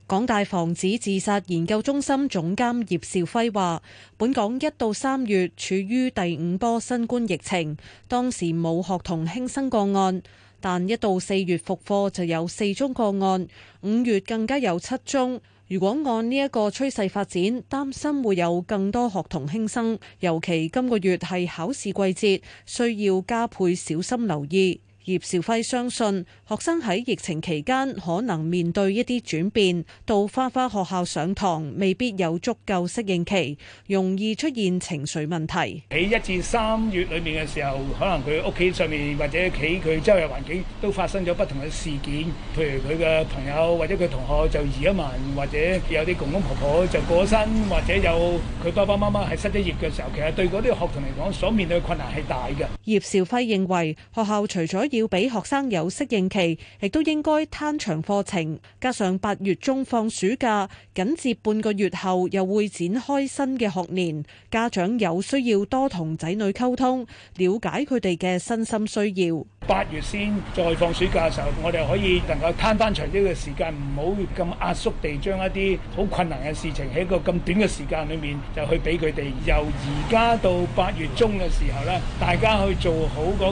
港大防止自殺研究中心總監葉兆輝話：本港一到三月處於第五波新冠疫情，當時冇學童輕生個案，但一到四月復課就有四宗個案，五月更加有七宗。如果按呢一個趨勢發展，擔心會有更多學童輕生，尤其今個月係考試季節，需要加倍小心留意。葉兆輝相信學生喺疫情期間可能面對一啲轉變，到返返學校上堂未必有足夠適應期，容易出現情緒問題。喺一至三月裏面嘅時候，可能佢屋企上面或者企佢周圍環境都發生咗不同嘅事件，譬如，佢嘅朋友或者佢同學就移咗民，或者有啲公公婆婆就過咗身，或者有佢爸爸媽媽係失咗業嘅時候，其實對嗰啲學童嚟講，所面對嘅困難係大嘅。葉兆輝認為學校除咗要俾學生有適應期，亦都應該攤長課程。加上八月中放暑假，緊接半個月後又會展開新嘅學年，家長有需要多同仔女溝通，了解佢哋嘅身心需要。八月先再放暑假嘅時候，我哋可以能夠攤翻長啲嘅時間，唔好咁壓縮地將一啲好困難嘅事情喺一個咁短嘅時間裏面就去俾佢哋。由而家到八月中嘅時候咧，大家去做好個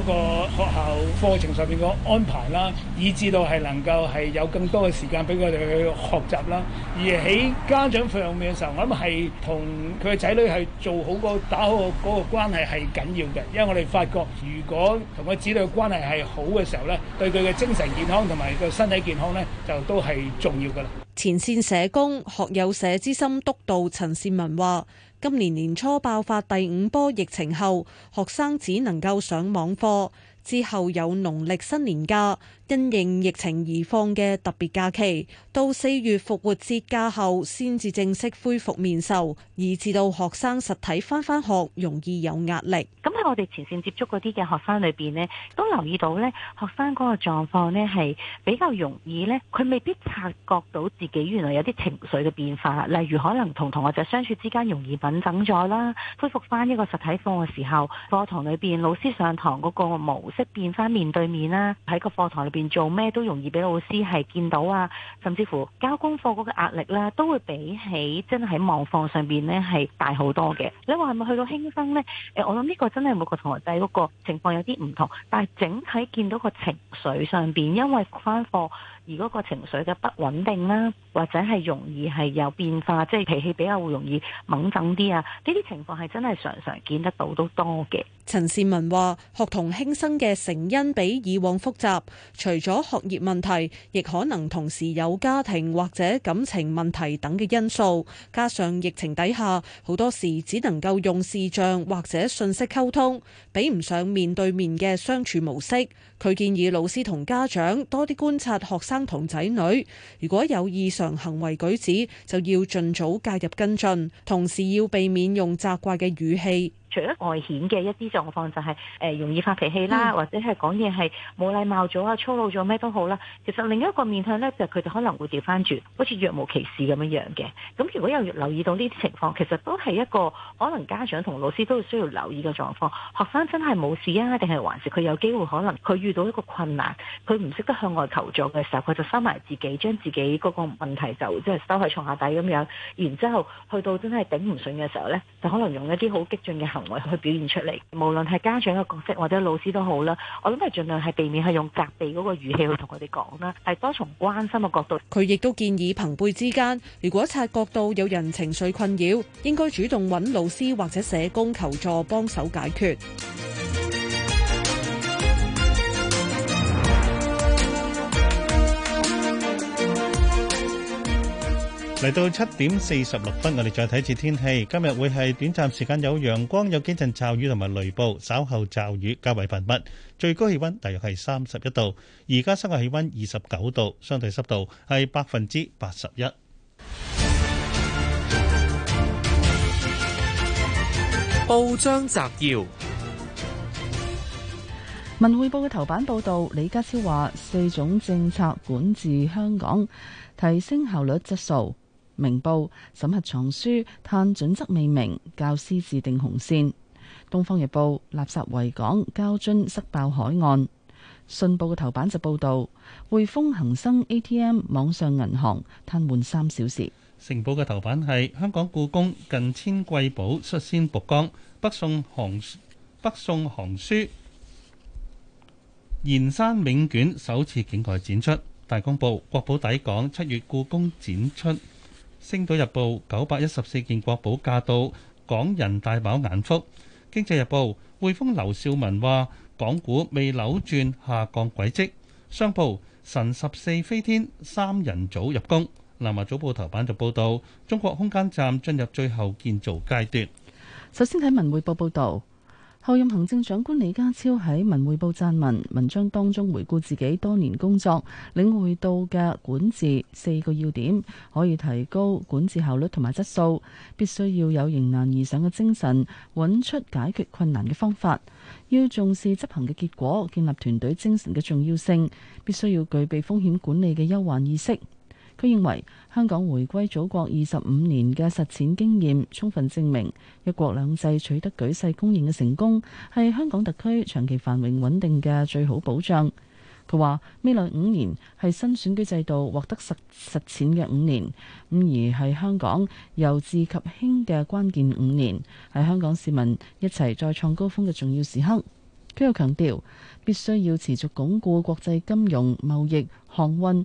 學校課程上面嘅安排啦，以至到係能夠係有更多嘅時間俾佢哋去學習啦。而喺家長方面嘅時候，我諗係同佢仔女係做好、個打好個關係係緊要嘅，因為我哋發覺如果同個子女嘅關係。係好嘅時候咧，對佢嘅精神健康同埋個身體健康咧，就都係重要噶啦。前線社工、學友社資深督導陳善文話，今年年初爆發第五波疫情後，學生只能夠上網課，之後有農曆新年假。因應疫情而放嘅特別假期，到四月復活節假後先至正式恢復面授，以致到學生實體返返學，容易有壓力。咁喺我哋前線接觸嗰啲嘅學生裏邊呢，都留意到呢學生嗰個狀況呢係比較容易呢，佢未必察覺到自己原來有啲情緒嘅變化，例如可能同同學仔相處之間容易繃緊咗啦。恢復翻呢個實體課嘅時候，課堂裏邊老師上堂嗰個模式變翻面對面啦，喺個課堂裏邊做咩都容易俾老師係見到啊，甚至乎交功課嗰個壓力咧，啊，都會比起真係喺網課上邊呢係大好多嘅。你話係咪去到輕生呢？誒，呃，我諗呢個真係每個同學仔嗰個情況有啲唔同，但係整體見到個情緒上邊，因為返課。如果嗰個情緒嘅不穩定啦，或者係容易係有變化，即係脾氣比較會容易掹掙啲啊！呢啲情況係真係常常見得到都多嘅。陳善文話：學童輕生嘅成因比以往複雜，除咗學業問題，亦可能同時有家庭或者感情問題等嘅因素。加上疫情底下，好多時只能夠用視像或者訊息溝通，比唔上面對面嘅相處模式。佢建議老師同家長多啲觀察學生。生同仔女，如果有異常行為舉止，就要盡早介入跟進，同時要避免用責怪嘅語氣。除咗外顯嘅一啲狀況，就係、是、誒容易發脾氣啦，嗯、或者係講嘢係冇禮貌咗啊、粗魯咗咩都好啦。其實另一個面向呢，就佢、是、哋可能會調翻轉，好似若無其事咁樣樣嘅。咁如果有留意到呢啲情況，其實都係一個可能家長同老師都需要留意嘅狀況。學生真係冇事啊，定係還是佢有機會可能佢遇到一個困難，佢唔識得向外求助嘅時候，佢就收埋自己，將自己嗰個問題就即係、就是、收喺床下底咁樣。然之後去到真係頂唔順嘅時候呢，就可能用一啲好激進嘅行為。去表現出嚟，無論係家長嘅角色或者老師都好啦，我諗都係盡量係避免係用責備嗰個語氣去同佢哋講啦，係多從關心嘅角度。佢亦都建議朋輩之間，如果察覺到有人情緒困擾，應該主動揾老師或者社工求助，幫手解決。嚟到七點四十六分，我哋再睇次天氣。今日會係短暫時間有陽光，有幾陣驟雨同埋雷暴，稍後驟雨較為頻密。最高氣溫大約係三十一度，而家室外氣溫二十九度，相對濕度係百分之八十一。報章摘要：《文匯報》嘅頭版報道，李家超話四種政策管治香港，提升效率質素。明報審核藏書，嘆準則未明；教師自定紅線。東方日報垃圾圍港，膠樽塞爆海岸。信報嘅頭版就報道匯豐恒生 A T M 網上銀行癱瘓三小時。成報嘅頭版係香港故宮近千貴寶率先曝光，北宋行北宋行書《研山銘卷》首次境外展出。大公報國寶抵港，七月故宮展出。星島日報，九百一十四件國寶駕到，港人大飽眼福。經濟日報匯豐劉少文話，港股未扭轉下降軌跡。商報神十四飛天三人組入宮。南華早報頭版就報道，中國空間站進入最後建造階段。首先睇文匯報報道。候任行政長官李家超喺《文匯報》撰文，文章當中回顧自己多年工作，領會到嘅管治四個要點，可以提高管治效率同埋質素，必須要有迎難而上嘅精神，揾出解決困難嘅方法，要重視執行嘅結果，建立團隊精神嘅重要性，必須要具備風險管理嘅憂患意識。佢認為。香港回歸祖國二十五年嘅實踐經驗，充分證明一國兩制取得舉世公認嘅成功，係香港特區長期繁榮穩定嘅最好保障。佢話：未來五年係新選舉制度獲得實實踐嘅五年，咁而係香港由治及興嘅關鍵五年，係香港市民一齊再創高峰嘅重要時刻。佢又強調，必須要持續鞏固國際金融、貿易、航運，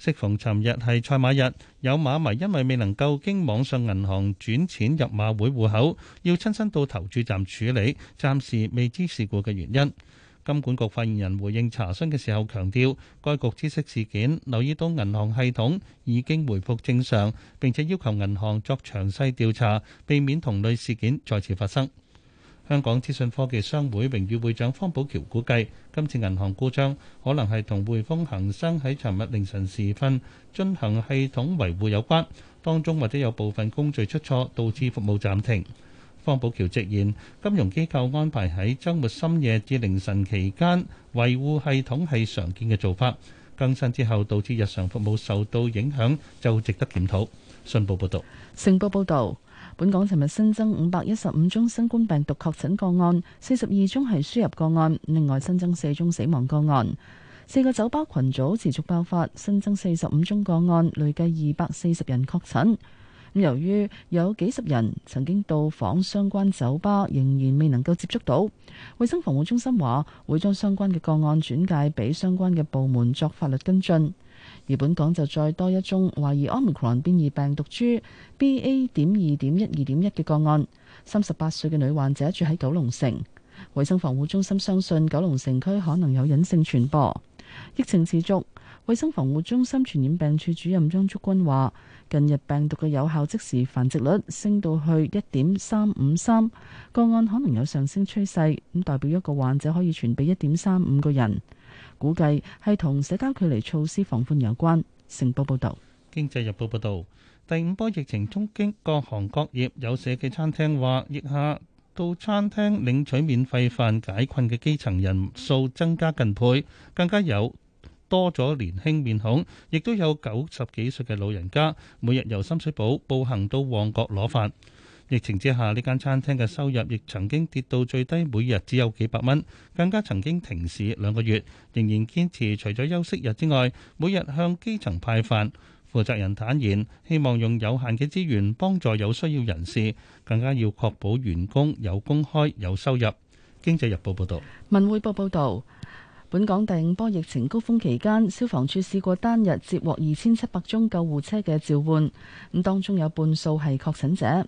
適逢尋日係賽馬日，有馬迷因為未能夠經網上銀行轉錢入馬會戶口，要親身到投注站處理，暫時未知事故嘅原因。金管局發言人回應查詢嘅時候強調，該局知悉事件，留意到銀行系統已經回復正常，並且要求銀行作詳細調查，避免同類事件再次發生。香港資訊科技商會榮譽會長方寶橋估計，今次銀行故障可能係同匯豐、恒生喺尋日凌晨時分進行系統維護有關，當中或者有部分工序出錯，導致服務暫停。方寶橋直言，金融機構安排喺週末深夜至凌晨期間維護系統係常見嘅做法，更新之後導致日常服務受到影響，就值得檢討。信報報導，成報報導。本港尋日新增五百一十五宗新冠病毒確診個案，四十二宗係輸入個案，另外新增四宗死亡個案。四個酒吧群組持續爆發，新增四十五宗個案，累計二百四十人確診。由於有幾十人曾經到訪相關酒吧，仍然未能夠接觸到，衛生防護中心話會將相關嘅個案轉介俾相關嘅部門作法律跟進。而本港就再多一宗懷疑 Omicron 變異病毒株 BA. 點二點一二點一嘅個案，三十八歲嘅女患者住喺九龍城。衛生防護中心相信九龍城區可能有隱性傳播。疫情持續，衛生防護中心傳染病處主任張竹君話，近日病毒嘅有效即時繁殖率升到去一點三五三，個案可能有上升趨勢，咁代表一個患者可以傳俾一點三五個人。估計係同社交距離措施防範有關。成報報道，經濟日報》報道，第五波疫情中，經各行各業有社企餐廳話，腋下到餐廳領取免費飯解困嘅基層人數增加近倍，更加有多咗年輕面孔，亦都有九十幾歲嘅老人家，每日由深水埗步行到旺角攞飯。疫情之下，呢間餐廳嘅收入亦曾經跌到最低，每日只有幾百蚊。更加曾經停市兩個月，仍然堅持除咗休息日之外，每日向基層派飯，負責人坦言，希望用有限嘅資源幫助有需要人士，更加要確保員工有工開有收入。經濟日報報道，文匯報報道，本港第五波疫情高峰期間，消防處試過單日接獲二千七百宗救護車嘅召喚，咁當中有半數係確診者。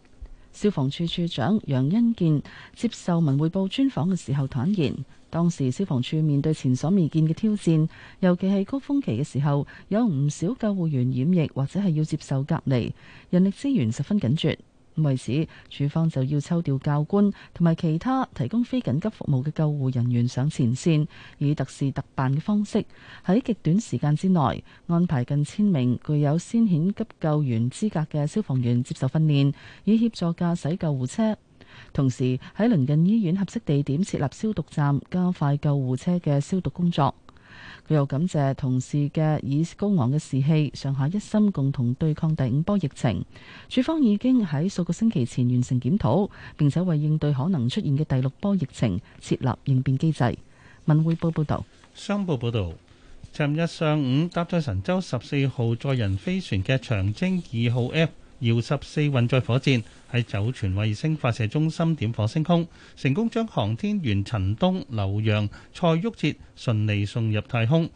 消防處處長楊恩健接受文匯報專訪嘅時候坦言，當時消防處面對前所未見嘅挑戰，尤其係高峰期嘅時候，有唔少救護員染疫或者係要接受隔離，人力資源十分緊絀。為此，處方就要抽調教官同埋其他提供非緊急服務嘅救護人員上前線，以特事特辦嘅方式，喺極短時間之內安排近千名具有先遣急救員資格嘅消防員接受訓練，以協助駕駛救護車，同時喺鄰近醫院合適地點設立消毒站，加快救護車嘅消毒工作。又感謝同事嘅以高昂嘅士氣，上下一心共同對抗第五波疫情。處方已經喺數個星期前完成檢討，並且為應對可能出現嘅第六波疫情設立應變機制。文匯報報道，商報報道，尋日上午搭載神舟十四號載人飛船嘅長征二號 F 遙十四運載火箭喺酒泉衛星發射中心點火升空，成功將航天員陳冬、劉洋、蔡旭哲順利送入太空。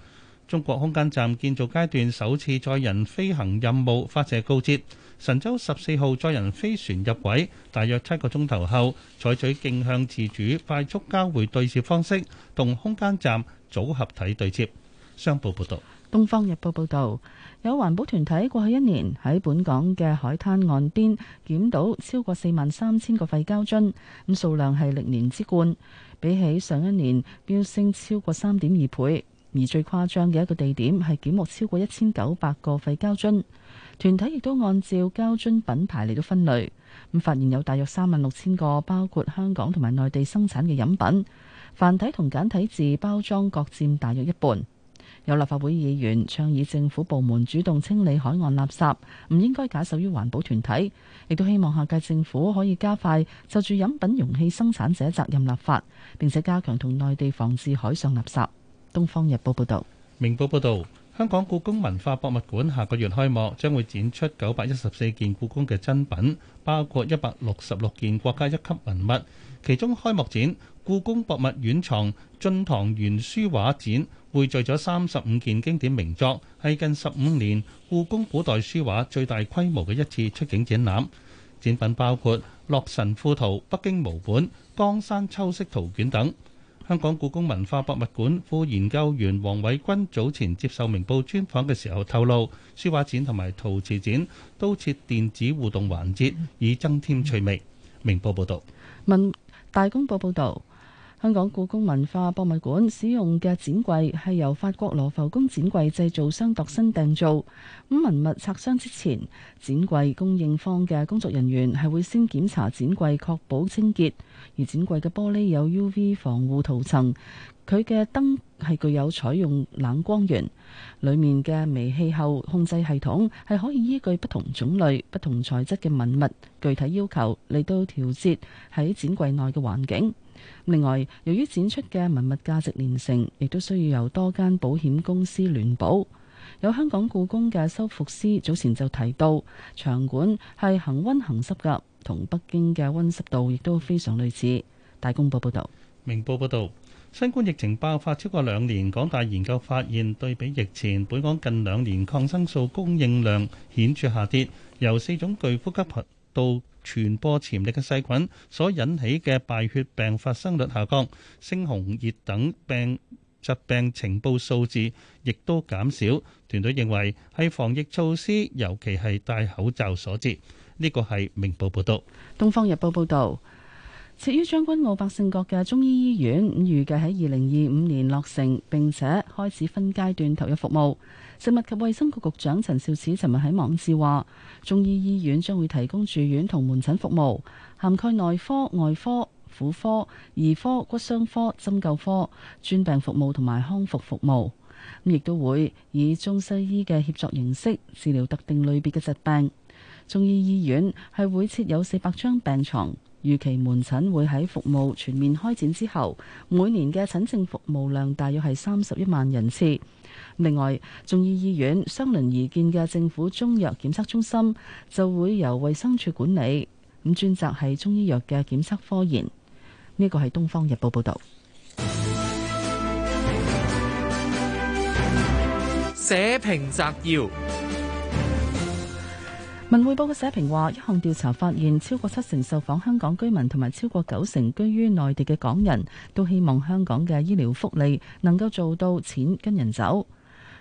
中國空間站建造階段首次載人飛行任務發射告捷。神舟十四號載人飛船入軌，大約七個鐘頭後，採取徑向自主快速交會對接方式，同空間站組合體對接。商報報道。《東方日報》報導，有環保團體過去一年喺本港嘅海灘岸邊檢到超過四萬三千個廢膠樽，咁數量係歷年之冠，比起上一年飆升超過三點二倍。而最誇張嘅一個地點係檢獲超過一千九百個廢膠樽。團體亦都按照膠樽品牌嚟到分類，咁發現有大約三萬六千個，包括香港同埋內地生產嘅飲品，繁體同簡體字包裝各佔大約一半。有立法會議員倡議政府部門主動清理海岸垃圾，唔應該假手於環保團體，亦都希望下屆政府可以加快就住飲品容器生產者責任立法，並且加強同內地防治海上垃圾。《東方日報》報道。《明報》報道，香港故宮文化博物館下個月開幕，將會展出九百一十四件故宮嘅珍品，包括一百六十六件國家一級文物，其中開幕展。故宮博物院藏晉唐元書畫展匯聚咗三十五件經典名作，係近十五年故宮古代書畫最大規模嘅一次出境展覽。展品包括《洛神賦圖北京摹本》、《江山秋色圖卷》等。香港故宮文化博物館副研究員黃偉君早前接受明報專訪嘅時候透露，書畫展同埋陶瓷展都設電子互動環節，以增添趣味。明報報道。問大公報報道。香港故宮文化博物館使用嘅展櫃係由法國羅浮宮展櫃製造商度身訂造。咁文物拆箱之前，展櫃供應方嘅工作人員係會先檢查展櫃，確保清潔。而展櫃嘅玻璃有 UV 防護塗層，佢嘅燈係具有採用冷光源。裏面嘅微氣候控制系統係可以依據不同種類、不同材質嘅文物具體要求嚟到調節喺展櫃內嘅環境。另外，由於展出嘅文物價值連城，亦都需要由多間保險公司聯保。有香港故宮嘅修復師早前就提到，場館係恒温恒濕嘅，同北京嘅溫濕度亦都非常類似。大公報報道：「明報報道，新冠疫情爆發超過兩年，港大研究發現，對比疫前，本港近兩年抗生素供應量顯著下跌，由四種巨呼吸道到。傳播潛力嘅細菌所引起嘅敗血病發生率下降，猩紅熱等病疾病情報數字亦都減少。團隊認為係防疫措施，尤其係戴口罩所致。呢個係明報報導。《東方日報，報道》報導，設於將軍澳百勝角嘅中醫醫院，預計喺二零二五年落成，並且開始分階段投入服務。食物及衛生局局長陳肇始尋日喺網誌話，中醫醫院將會提供住院同門診服務，涵蓋內科、外科、婦科、兒科、骨傷科、針灸科、專病服務同埋康復服務。亦都會以中西醫嘅協作形式治療特定類別嘅疾病。中醫醫院係會設有四百張病床，預期門診會喺服務全面開展之後，每年嘅診症服務量大約係三十一萬人次。另外，中醫醫院相鄰而建嘅政府中藥檢測中心就會由衛生署管理，咁專責係中醫藥嘅檢測科研。呢個係《東方日報》報導。社評摘要：文匯報嘅社評話，一項調查發現，超過七成受訪香港居民同埋超過九成居於內地嘅港人都希望香港嘅醫療福利能夠做到錢跟人走。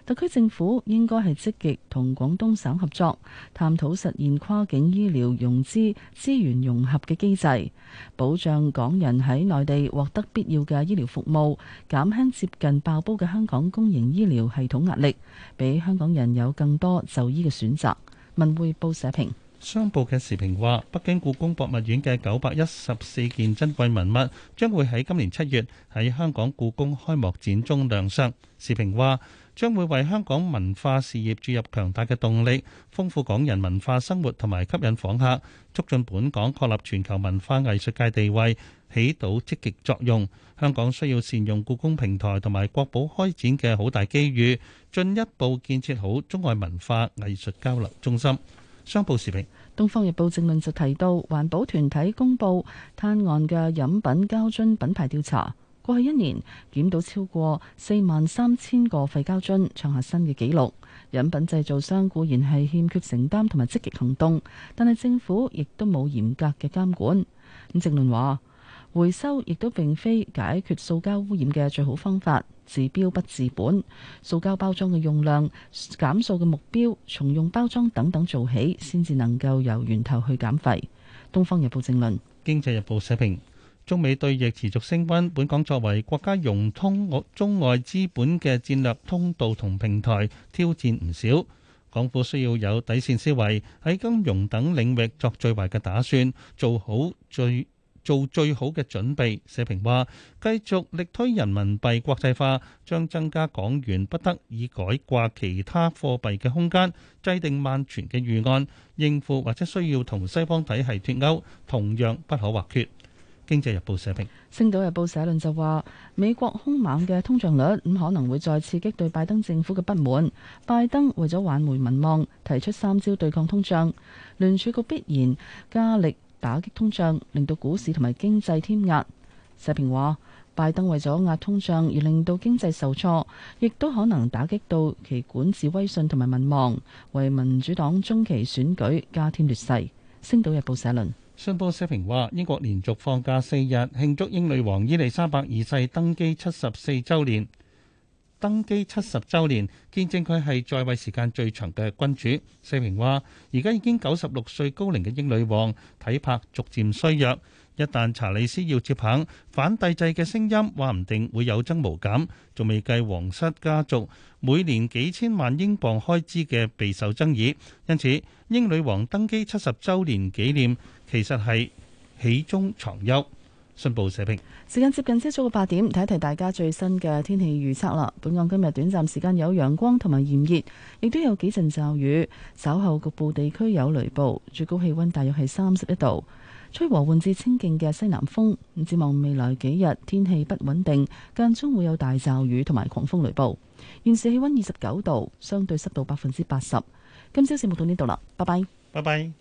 特區政府應該係積極同廣東省合作，探討實現跨境醫療融資資源融合嘅機制，保障港人喺內地獲得必要嘅醫療服務，減輕接近爆煲嘅香港公營醫療系統壓力，畀香港人有更多就醫嘅選擇。文匯報社評。商報嘅時評話，北京故宮博物院嘅九百一十四件珍貴文物將會喺今年七月喺香港故宮開幕展中亮相。時評話。將會為香港文化事業注入強大嘅動力，豐富港人文化生活同埋吸引訪客，促進本港確立全球文化藝術界地位，起到積極作用。香港需要善用故宮平台同埋國寶開展嘅好大機遇，進一步建設好中外文化藝術交流中心。商報時評，《東方日報》正論就提到，環保團體公布灘岸嘅飲品膠樽品牌調查。過去一年檢到超過四萬三千個廢膠樽，創下新嘅紀錄。飲品製造商固然係欠缺承擔同埋積極行動，但係政府亦都冇嚴格嘅監管。咁正論話回收亦都並非解決塑膠污染嘅最好方法，治標不治本。塑膠包裝嘅用量減數嘅目標，重用包裝等等做起，先至能夠由源頭去減廢。《東方日報》正論，《經濟日報》社評。中美對弈持續升温，本港作為國家融通中外資本嘅戰略通道同平台，挑戰唔少。港府需要有底線思維，喺金融等領域作最壞嘅打算，做好最做最好嘅準備，社評話繼續力推人民幣國際化，將增加港元不得已改掛其他貨幣嘅空間，制定萬全嘅預案，應付或者需要同西方體係脱鈎，同樣不可或缺。《經濟日報》社評，《星島日報》社論就話：美國兇猛嘅通脹率，咁可能會再刺激對拜登政府嘅不滿。拜登為咗挽回民望，提出三招對抗通脹，聯儲局必然加力打擊通脹，令到股市同埋經濟添壓。社評話：拜登為咗壓通脹而令到經濟受挫，亦都可能打擊到其管治威信同埋民望，為民主黨中期選舉加添劣勢。《星島日報》社論。信報社評話，英國連續放假四日，慶祝英女王伊麗莎白二世登基七十四週年。登基七十週年，見證佢係在位時間最長嘅君主。社評話，而家已經九十六歲高齡嘅英女王體魄逐漸衰弱，一旦查理斯要接棒，反帝制嘅聲音話唔定會有增無減。仲未計皇室家族每年幾千萬英鎊開支嘅備受爭議，因此英女王登基七十週年紀念，其實係喜中藏憂。信報社評。時間接近朝早嘅八點，睇一睇大家最新嘅天氣預測啦。本港今日短暫時間有陽光同埋炎熱，亦都有幾陣驟雨。稍後局部地區有雷暴，最高氣溫大約係三十一度，吹和緩至清勁嘅西南風。展望未來幾日天氣不穩定，間中會有大驟雨同埋狂風雷暴。現時氣溫二十九度，相對濕度百分之八十。今朝節目到呢度啦，拜拜。拜拜。